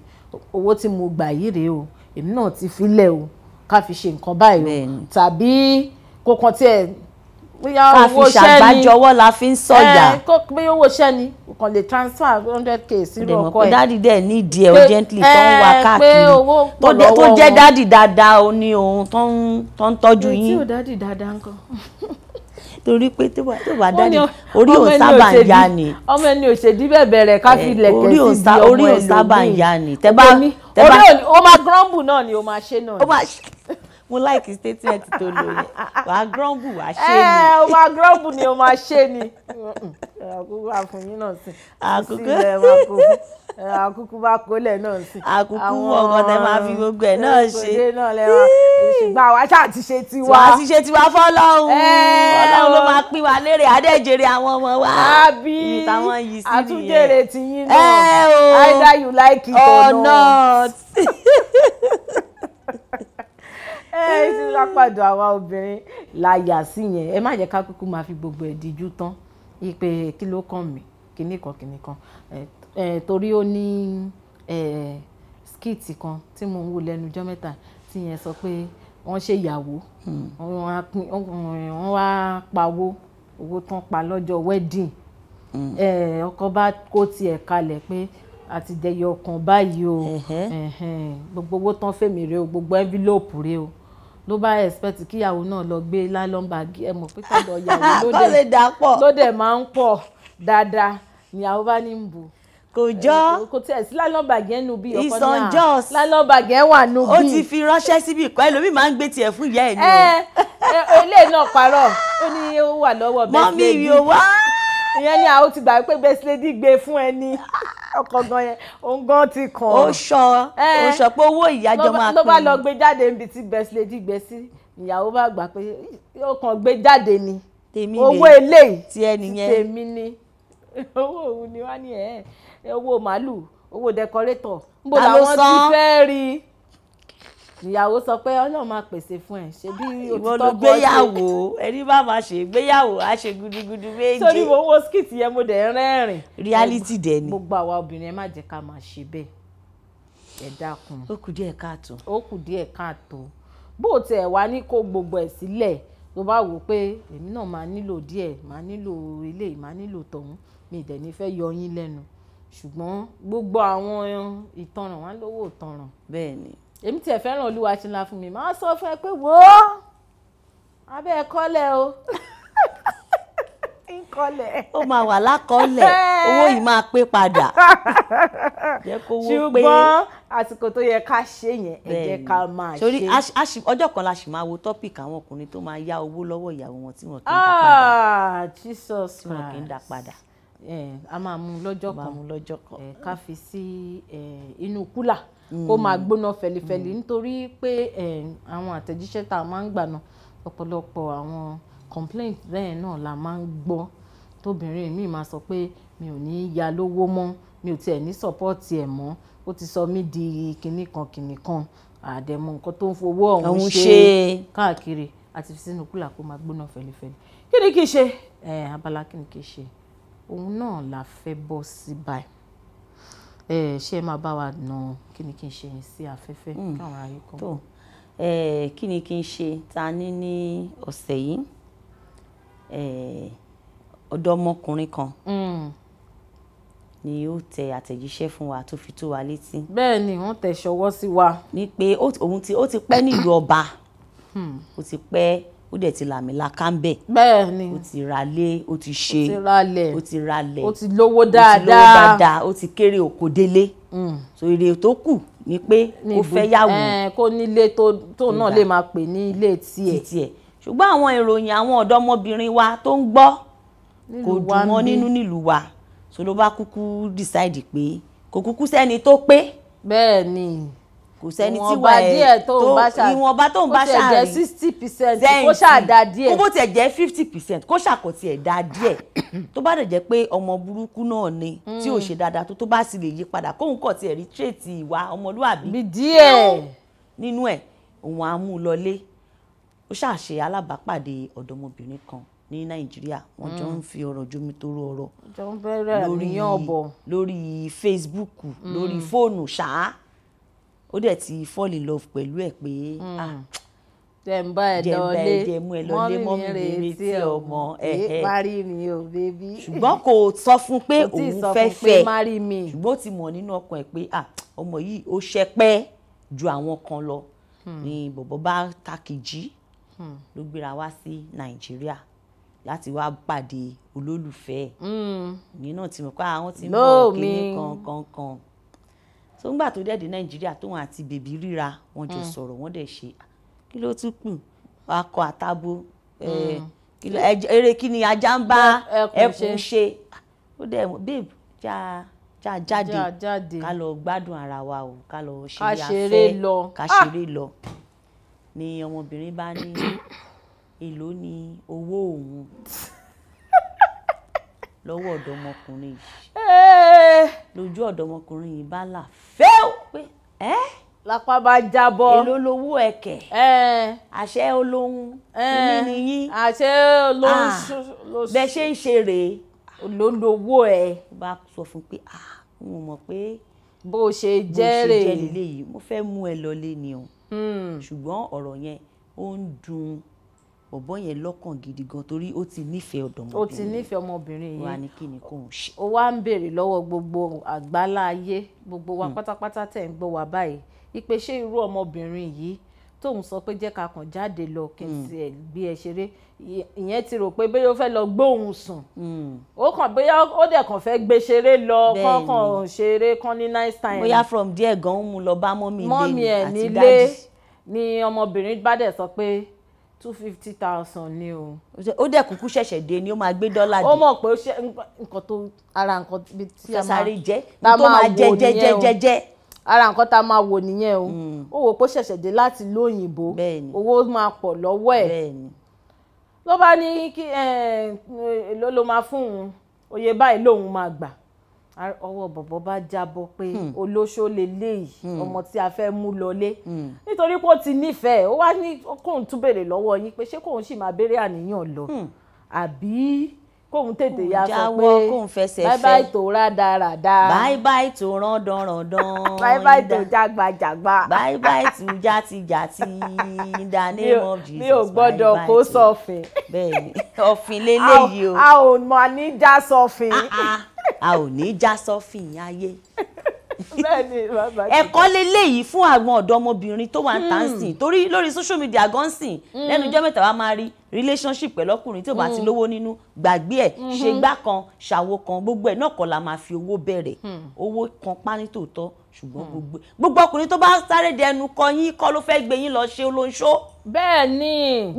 owó tí mo gbà yìí rèé o èmi náà ti filẹ̀ o ká fi ṣe nǹkan báyìí o tàbí kókan tiẹ̀ bóyá owó iṣẹ́ ni ká fi ṣàgbájọwọ́ la fi ń sọ̀yà bóyá owó iṣẹ́ ni kàn lè transfer hundred k sínú ọkọ ẹ̀ dádì dẹ̀ ní ìdí ẹ̀ urgently tó ń wa káàkiri tó jẹ́ dádì dáadáa ó ní ohun tó ń tọ́jú yín. èyí tí ò dádì dáadáa ń kọ́. torí pé tó bá dání orí ò sábà ń yá ni. ọmọ ẹni òṣèdí bẹ̀bẹ̀ rẹ̀ ká fi lẹ̀kẹ̀ sí di ọmọ ẹlòmíì orí ò sábà ń yá ni. tẹ bá tẹ bá ó máa grumble náà ni ó máa ṣe náà ni mo like statement tó lò yẹn wàá grumble wàá ṣe ni. ẹ ẹ wàá grumble ni o ma ṣe ni. àkókò àfọyín náà sí. àkókò sí ilẹ̀ àkúkú bá kólẹ̀ náà sí. àkúkú ọkọ tẹ máa fi gbogbo ẹ náà ṣe ṣùgbọ́n àwa ṣáà ti ṣe tiwa. tiwa ti ṣe tiwa fọlọ́hún ọlọ́run ló máa pín wa lérè adẹ́jẹrẹ àwọn ọmọ wa. àbí àtúnjẹrẹ tiyín náà either you like it or not. ẹ ẹ ti lápàdé àwa obìnrin láyà sí yẹn ẹ má jẹ́ ká kúkú máa fi gbogbo ẹ̀ díjú tán ipe kí ló kàn mí kíní kan kíní kan eh, torí ó ní eh, skit kan tí mo ń wò lẹ́nu ọjọ́ mẹ́ta tí yẹn sọ pé wọ́n ṣe ìyàwó hmm. wọ́n wá pawó owó tán pa lọ́jọ́ wedding hmm. eh, ọkọ bá kó tiẹ̀ kalẹ̀ pé àti jẹyọ ọkàn báyìí o gbogbo owó tán fèmí rèé o gbogbo envelope rèé o ló bá expect kíyàwó náà lọ gbé lálọ́mbà ẹ mọ̀ pé tọ́lọ̀ ìyàwó ló dẹ̀ máa ń pọ̀ dáadáa ìyàwó bá ní ń bù kò jọ kò tẹ̀ sí lálọ́bàgẹ́ nu bí ọkọ náà ìsànjọ́s lálọ́bàgẹ́ wà nu bí ó ti fi ránṣẹ́ síbi ìkọ́ ẹlòmíì máa ń gbé tiẹ̀ fún ìyá ẹ̀ ni o ilé náà parọ́ ó ní ó wà lọ́wọ́ best lady mọ́mí mi ò wá ìyẹn ni àwọn ti gbà pé best gbé fún ẹ ní ọkọ gan yẹn òun gan ti kàn ó sọ ó sọ pé owó ìyájọ máa pín ló bá lọ gbé jáde níbi tí best gbé sí ìyàwó bá gbà pé ó kàn gbé jáde ni owó eléyìí ti tèmi ni owó òun ni wá ní ẹ̀ ẹ́ owó màálù owó dẹkọrétọ̀ níbo làwọn ti fẹ́ rí i ìyàwó sọ pé ọlọ́run máa pèsè fún ẹ ṣe bí òtítọ́ bọ́ gbéyàwó ẹni bá máa ṣe gbéyàwó á ṣe gudugudu méje. sórí mo wo skit yẹn mo dẹ̀ rẹ́rìn. reality dẹ̀ ni. gbogbo àwa obìnrin ẹ má jẹ́ ká máa ṣe bẹ́ẹ̀ ẹ dákun. ó kù díẹ̀ káàtó. ó kù díẹ̀ káàtó bó o tiẹ̀ wá ní kó gbogbo ẹ̀ sílẹ̀ tó bá wò pé èmi náà máa nílò díẹ̀ máa nílò eléyìí máa nílò tọ̀hún mi ì ní fẹ́ yọ yín lẹ́nu ṣùgbọ́n gbogbo àwọn ìtanràn wọn lówó ìtanràn. bẹ́ẹ̀ni. èmi tiẹ̀ fẹ́ràn olúwa ṣe ńlá fún mi máa sọ fún ẹ pé wò ó abẹ́ ẹ kọ́lẹ̀ o kọ́lẹ̀. ó máa wà lákọọ́lẹ̀ owó yìí máa pé padà. jẹ́ kó wó pé ṣùgbọ́n àsìkò tó yẹ ká ṣe yẹn ẹ jẹ́ ká máa ṣe. torí ọjọ́ kan la sì máa wo tọ́pìkì àwọn ọkùnrin tó máa yá owó lọ́wọ́ ìyàwó wọn tí wọn kì í dá padà. ah Jesus Christ tí wọn kì í dá padà a máa mú lọ́jọ́ kan ká fi sí inú kúlà kó mm. máa gbóná fẹlifẹli mm. nítorí pé àwọn àtẹ̀jíṣẹ́ tá a máa ń gbà ọ̀pọ̀lọpọ̀ àwọn complaint bẹ́ẹ̀ náà la máa ń gbọ́ tóbìnrin mi máa sọ pé mi ò ní ya lówó mọ́ mi ò tiẹ̀ ní sọ́pọ́ọ̀tì ẹ̀ mọ́ ó ti sọ mí di kinní kan kinní kan àdẹ̀mọ nǹkan tó ń fowó ọ̀hún ṣe káàkiri àti fi sínú kúlà kó máa gbóná fẹlifẹli kí ni kí n ṣe abala kí ni kí n ṣe òun náà la fẹ́ bọ́ sí báyìí ẹ ṣé ẹ máa bá wa nà kí ni kí n ṣe yín sí afẹ́fẹ́ hmm. káwọn aráyé kọ́. tó ẹ kí ni kí n ṣe ta ní ní ọ̀sẹ̀ yìí ọ̀dọ́mọkùnrin kan hmm. ni ó tẹ àtẹ̀jíṣẹ́ fún wa tó fi tó wa létí. bẹ́ẹ̀ ni wọ́n tẹ̀ ṣọwọ́ sí wa. ní pé òun ó ti pẹ́ nílùú ọba hmm. ó ti pẹ́ ó dẹ̀ ti làmìlaka ń bẹ̀. bẹ́ẹ̀ni ó ti ralé ó ti ṣe ó ti ralẹ̀ ó ti ralẹ̀ ó ti lówó dáadáa ó ti kéré oko délé. Mm. so èrè tó kù ni pé kó fẹ́ yàwó. Eh, kó nílé tó náà lè máa pè ní ilé tiẹ̀. ṣùgbọ́n àwọn ìròyìn àwọn ọ̀dọ́mọbìnrin wa tó ń gbọ́ kò dùn mọ́ nínú nílùú wa so ló bá kúkú decide pé kò kúkú sẹ́ni tó pé. bẹ́ẹ̀ni kò sẹ́ni tí wà ẹ̀ tó ìwọ̀nba tó ń bá ṣàárín kó tiẹ̀ jẹ́ sixty percent kó ṣàdá díẹ̀ kó tiẹ̀ jẹ́ fifty percent kó ṣàkọ̀tì ẹ̀ dá díẹ̀ tó bá dẹ̀ jẹ́ pé ọmọ burúkú náà ni hmm. tí ò ṣe dáadáa tó tó bá sì lè yí padà kóun kọ̀ tiẹ̀ rí tírètì ìwà ọmọlúwàbí díẹ̀ nínú ẹ̀ òun á mú un lọlé ó ṣàṣe alábàápàdé ọ̀dọ́mọbìnrin kan ní nàìjíríà wọn jọ ń hmm. fi ọ̀rọ̀ jomi toro ọ̀rọ̀ lórí Facebook hmm. lórí fóònù ṣáá ó dẹ̀ ti fall in love pẹ̀lú ẹ̀ pé hmm. ah jẹ̀mbá ẹ̀ lọ́lé mọ́mí mi retí ọmọ ẹ̀ parí mi ò bébí. ṣùgbọ́n kò sọ fún pé òun fẹ́ fẹ́ ṣùgbọ́n ó ti mọ̀ nínú ọkàn ẹ̀ pé ah, ọmọ yìí ó ṣẹpẹ́ ju àwọn kan lọ hmm. ni bọ̀bọ̀ bá takìjí hmm. ló gbéra wá sí Nàìjíríà láti wá pàdé olólùfẹ́ ẹ̀ ní náà ti mọ̀ pé àwọn ah, ti mọ̀ kíní kan kan kan so ńgbà tó dẹ̀ dé nàìjíríà tóun àti bèbí ríra wọn jọ mm. sọ̀rọ̀ wọn dẹ̀ ṣe kí ló tún kù akọ àtabo mm. eré kí ni ajá ń bá ẹkùn ṣe ó dẹ̀ babe já já jáde ká lọ gbádùn ara wa o ká lọ ṣeré afẹ́ ká ah! ṣeré lọ ni ọmọbìnrin bá ní èlò ni owó òun lọ́wọ́ ọ̀dọ́mọkùnrin yìí lójú ọ̀dọ́mọkùnrin yìí bá là fẹ́ẹ́ pé ẹ́ lápá bá jábọ́ èló lowó ẹ̀kẹ́ àṣẹ olóhùn èmi nìyí àṣẹ olóhùn ah, bẹ́ẹ̀ ṣe ń ṣe rèé ló lowó ẹ bá sọ fún pé ah n ò mọ̀ pé bó ṣe jẹ́ rèé bó ṣe jẹ́ mo fẹ́ mú ẹ lọ lé ni o hmm. ṣùgbọ́n ọ̀rọ̀ yẹn ó ń dùn bọ̀bọ́ yẹn lọ́kàn gidi gan torí ó ti nífẹ̀ẹ́ ọ̀dọ́mọbìnrin ó ti nífẹ̀ẹ́ ọmọbìnrin yìí wà ní kí ni kò ń ṣe. ó wá ń béèrè lọ́wọ́ gbogbo àgbálá ayé gbogbo wa hmm. pátápátá tẹ̀ ń gbọ́ wá báyìí ìpè ṣé irú ọmọbìnrin yìí tóun sọ pé jẹ́ ká kàn jáde lọ kí n ti hmm. ẹ̀ gbé ẹ ṣeré ìyẹn ti rò pé bóyá ó fẹ́ lọ gbóhùn sùn hmm. ó kàn bóyá ó dẹ̀ kàn fẹ́ gbé ṣeré lọ kọ́kàn ṣeré kan ní nice time. bóyá from there gan-an ó mú lọ bá mọ́mì ilé àti dáàdì. mọ́mì ẹ̀ nílé ni ọmọbìnrin bá dẹ̀ sọ pé two fifty thousand ni o. ó dẹ̀ kúkú ṣẹ̀ṣẹ̀ dé ni ó máa gbé dọ́là dé. ó mọ̀ pé ó ṣe nǹkan tó ara nǹkan tí a máa sáré jẹ́ tó máa jẹ́ jẹ́ jẹ́ jẹ́ jẹ́ ara nǹkan tá a máa wò nìyẹn o hmm. ó wò pé ó ṣẹ̀ṣẹ̀ dé láti lóyìnbó owó máa pọ̀ lọ́wọ́ ẹ̀ ló bá ní kí eh, èló ló máa fún òun òye báyìí lòun máa gbà ọwọ́ bọ̀bọ̀ bá jábọ̀ pé hmm. olóṣó leléyìí hmm. ọmọ tí a fẹ́ mú lọlé hmm. nítorí pé ó ti nífẹ̀ẹ́ ó wá ní kóun tún béèrè lọ́wọ́ yín pé ṣé kóun sì máa béèrè àníyàn lọ àbí kóun tètè ya sọ pé kóun fẹsẹ̀ fẹ́ bye bye tó rádaràda bye bye tó rán danrandan bye bye tó jágbajàgba bye bye tó játijàti in the name of Jesus mi ò gbọ́dọ̀ kó sọ̀fìn bẹ́ẹ̀ ni ọ̀fìn lélẹ́yìí o a ò mọ̀ ní já sọ̀fìn. Ah, ah a ò ní já sọ́fìn ayé ẹ̀kọ́ leléyìí fún àwọn ọ̀dọ́mọbìnrin tó wà ń tà ń hmm. sìn torí lórí social media gan sìn hmm. lẹ́nu ìjọ́ mẹ́ta wa máa rí relationship pẹ̀lú ọkùnrin tí ò bá ti hmm. lówó nínú gbàgbé ẹ̀ ṣe gbá kan ṣàwo kan gbogbo ẹ̀ náà kọ́ la máa fi owó bẹ̀rẹ̀ owó kan pání tòótọ́ ṣùgbọ́n gbogbo gbogbo ọkùnrin tó bá sáré dẹnu kọ yín kọ́ ló fẹ́ gbé yín lọ ṣe olóńṣó. bẹ́ẹ̀ ni.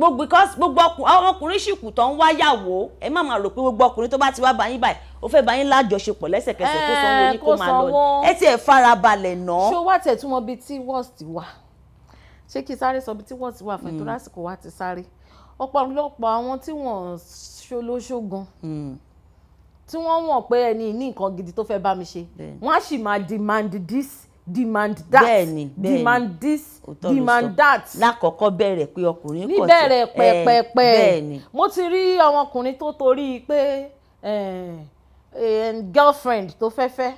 gbogbo ọkùnrin ṣìkù wáyàwó ẹ má máa rò pé gbogbo ọkùnrin tó bá ti wá bá yín báyìí ó fẹ́ bá yín lájọṣepọ̀ lẹ́sẹ̀kẹsẹ̀ kó sanwó yín eh, kó máa lọ ẹ tiẹ̀ farabalẹ̀ náà. ṣó wà tẹ̀ tún bíi tí worst wà ṣé kí sáré sọ bíi tí worst wà fún ìtura hmm. àsìkò wa ti sáré ọ̀pọ̀lọpọ̀ àwọn tí wọ́n ṣolóṣogun hmm. tí wọ́n wọ̀n pé ẹni ní nǹkan gidi tó fẹ́ bá mi ṣe wọ́n á sì máa demand this demand that bẹ́ẹ̀ni bẹ́ẹ̀ni demand this demand that. lákọ̀ọ́kọ́ bẹ̀rẹ̀ pé ọkùnrin kọ̀ níbẹ̀rẹ̀ pẹ̀pẹ̀pẹ̀ mo ti rí ọmọkùnrin tó torí pé eh, Eh, girlfriend tó fẹ́ fẹ́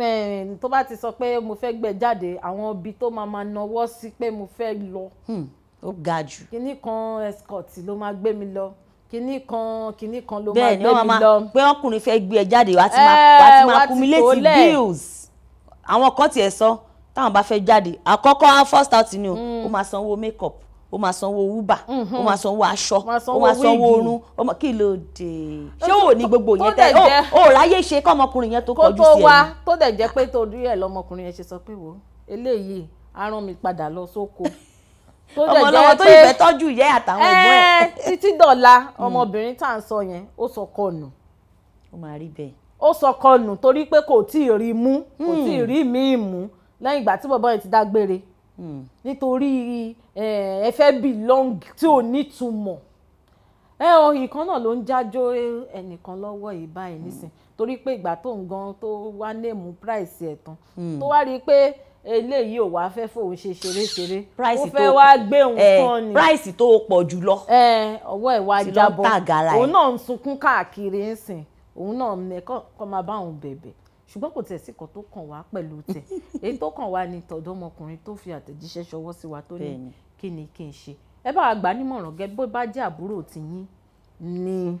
eh, tó bá ti sọ pé mo fẹ́ gbẹ e jáde àwọn ibi tó máa ma nawọ́ sí pé mo fẹ́ lọ. Hmm, ó ga jù. kinní kan escort ló máa gbé mi lọ kinní kan kinní kan ló máa gbé mi lọ. bẹ́ẹ̀ ni pé ọkùnrin fẹ́ gbé ẹ jáde wàá ti eh, máa accumulate bills àwọn kan tiẹ̀ sọ táwọn bá fẹ́ jáde àkọ́kọ́ first out ni o hmm. ó máa sanwó make up ó máa sanwó uber ó mhm. máa sanwó aṣọ ó máa sanwó oorun kí ló dé ṣé ò ní gbogbo yẹn tẹ ó ráyè ṣe kọ́mọkùnrin yẹn tó kọjú sí ẹ tó dẹ̀ jẹ́ pé torí ẹ̀ lọ́mọkùnrin yẹn ṣe sọ pé wo. eléyìí á rán mi padà lọ sóko tó dẹ̀ jẹ́ pé ọmọ tó ìfẹ́ tọ́jú ìyá àtàwọn ẹ̀gbọ́n ẹ̀. títí dọ̀la hmm. ọmọbìnrin tá à ń sọ yẹn ó sọ kọnù. ó máa rí bẹ́ẹ̀. ó sọ kọnù torí pé kò tí ì rí mú kò hmm. tí ì rí míì mú lẹ́yìn ìgbà tí bọ̀bọ́ yẹn ti dágbére nítorí ẹ fẹ́ belong tí ò nítumọ̀ ẹ ọ ìkan náà ló ń jájó ẹnìkan lọ́wọ́ yìí báyìí nísìn torí pé ìgbà tó ń gan tó wá néèmù price ẹ̀ tán hmm. tó wá rí i pé eléyìí ò wá fẹ́ fòun ṣe ṣeréṣeré ó fẹ́ wá gbé nǹkan ni price tó pọ̀ jù lọ ọwọ́ ẹ̀ wá jábọ́ òun náà ń sunkún káàkiri ń sìn òun náà kọ́ máa bá òun bẹ̀bẹ̀ ṣùgbọ́n kò tiẹ̀ sí kan tó kàn wá pẹ̀lú tẹ̀ èyí tó kàn wá ni tọ̀dọ́mọkùnrin tó fi àtẹ̀jíṣẹ́ ṣọwọ́ sí wa tó ní kí ni kí n ṣe ẹ bá wa gbà nímọ̀ràn gẹ́ bó bá jẹ́ àbúrò tiyín ni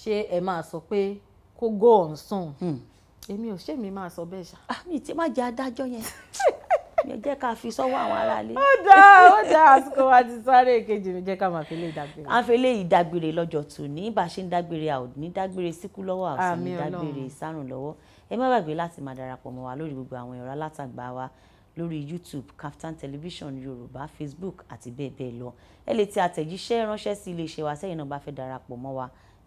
ṣé ẹ máa sọ pé kó go on sàn hmm. èmi ò ṣèmi máa sọ bẹ́ẹ̀ ṣá. àmì ah, tí má jẹ́ adájọ́ yẹn mi ò jẹ́ ká fi sọ́wọ́ àwọn aráalé. ó dáa ó dáa àsìkò wa ti sáré èkejì mi jẹ́ ká máa fele ìdágbére. a fele ìdágbére lọ́jọ́ tòní bá a ṣe ń dágbére a ò ní dágbére síkú lọ́wọ́ a ní dágbére sárùn lọ́wọ́ ẹ má gbàgbé láti máa darapọ̀ mọ́ wa lórí gbogbo àwọn ẹ̀rọ alátagbà wa lórí youtube Kaftan television yorùbá facebook àti bẹ́ẹ̀ bẹ́ẹ̀ lọ ẹ lè ti àtẹ̀jíṣẹ́ ránṣẹ́ sí iléeṣẹ́ wa sẹ́yìn náà bá fẹ́ darapọ̀ mọ́ wa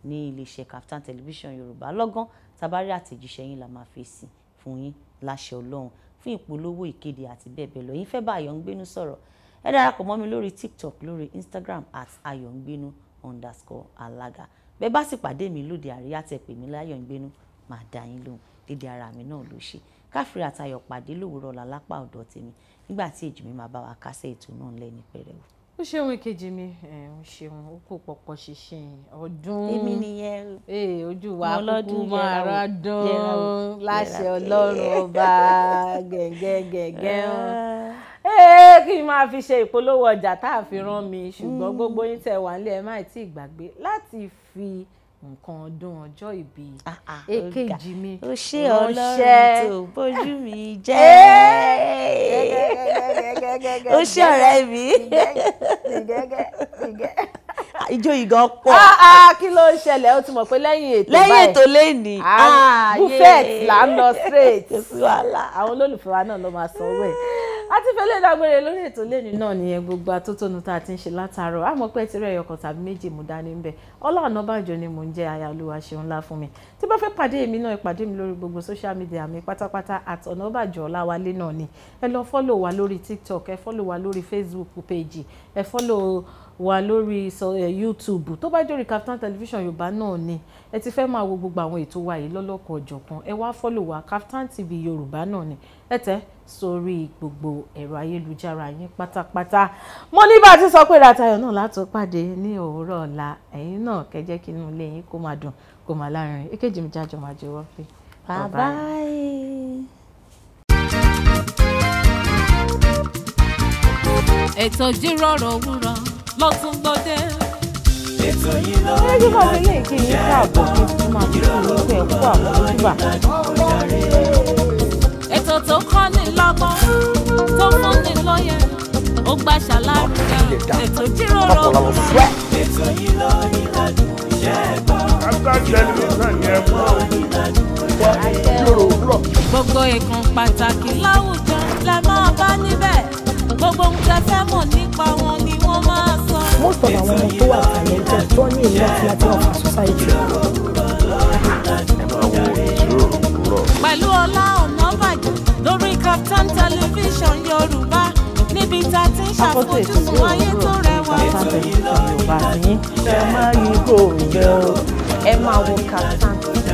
ní iléeṣẹ́ Kaftan television yorùbá lọ́gán tabari àtẹ̀jíṣẹ́ yín la máa fèsì fún yín láṣẹ ọlọ́run fún ìpolówó ìkéde àti bẹ́ẹ̀ bẹ́ẹ̀ lọ yín fẹ́ bá Ayọ̀ngbénu sọ̀rọ̀ ẹ darapọ̀ mọ́ mi lórí tiktok lórí instagram at ayọ̀ngbénu underscore alaga, bẹ́ẹ̀ bá sì pàdé mi lóde àríyá tẹ̀ pè mí láyọ̀ngbénu màá dá yín lóhùn dédé ara mi náà ló ṣe káfíìrì àtayọ̀ pàdé lówùúrọ̀ la lápá ọ̀dọ̀ tèmi nígbà tí èjì mi máa bá wa kásẹ̀ ètò náà lẹ́ni pẹ̀rẹ̀wò. ó ṣeun ìkejì mi ẹ ń ṣeun ó kó pọpọ ṣinṣin ọdún èmi nìyẹn ee ojú wa kúkú máa ra dán láṣẹ Ọlọ́run ọba gẹ̀gẹ́gẹ̀gẹ́ ee ah. kí n máa fi ṣe ìpolówó ọjà tá a fi rán mi ṣùgbọ́n mm. gbogbo yín tẹ̀ wá nílé ẹ má tí ì gbàgbé láti fi. Mm nǹkan ọdún ọjọ́ ìbí èkejì ah, ah, mi ó ṣe ọlọ́run tó bójú mi jẹ́ ó ṣe ọ̀rẹ́ mi ah, ijó ìgan pọ̀. kí ló ń ṣẹlẹ̀ ó ti mọ̀ pé lẹ́yìn ètò báyìí lẹ́yìn ètò lẹ́ni. buffet là ń lọ straight àwọn olólùfẹ́ wa náà ló máa sọ wẹ̀. a ti fẹ́ lórí ètò lẹ́ni náà nìyẹn gbogbo atótónu tá a ti ń ṣe látàárọ̀ àmọ́ pé tirẹ̀ ẹyọkàn tàbí méjì mú dání ń bẹ̀ Ọlá Ọ̀nàbànjọ ni mò ń jẹ́ aya olúwa ṣeun ńlá fún mi tí bá fẹ́ pàdé èmi náà ìpàdé mi lórí gbogbo social media mi pátápátá at Ọ̀nàbànjọ Ọláwálé náà ni ẹ lọ fọ́lò wa lórí TikTok ẹ fọ́lò wa lórí Facebook page ẹ fọ́lò wa lórí YouTube tó bá jórí Kaftan television Yorùbá náà ni ẹ ti fẹ́ máa wo gbogbo àwọn ètò wa yìí lọ́lọ́kọ̀ ọ̀jọ̀kan ẹ wá fọ́lò wa Kaftan TV Yorùbá náà ni ẹ tẹ́ sórí gbogbo ẹ̀rọ ayélujára yín pátápátá mo ní bá a ti sọ pé ìràtayọ̀ náà látọ̀ pàdé ní òwúrọ̀ ọ̀la ẹ̀yin náà kẹ́ kí inú ilé yín kó máa dùn kó máa lárinrin èkejì mi jájọ máa jẹ́wọ́ pé. bye bye. ètò ìjíròrò òwúrọ̀ ló ètò yìí ló ń bá mi lè kí yín káàbọ̀ kí n máa fi ìlúfẹ́ kú àmójúbà. ètò tó kọ́ ni lọ́gbọ́n tó fún ni lóye ó gbà ṣàlàyé ètò ìjíròrò òwúrọ̀ gbogbo nǹkan pàtàkì láwùjọ lẹ máa bá níbẹ̀ gbogbo ohun tẹ mọ̀ nípa wọn ni wọ́n máa sọ. most of àwọn ọmọ tó wà talented tó ní ìlú àti àti ọ̀fà society. pẹ̀lú Ọlá Ọ̀nàbàjọ lórí Kaftan television Yorùbá níbi tá a ti ń ṣàfojúsùn ayé tó rẹwà. ẹ máa yí kò rẹ̀ o ẹ máa wo kàtàkì.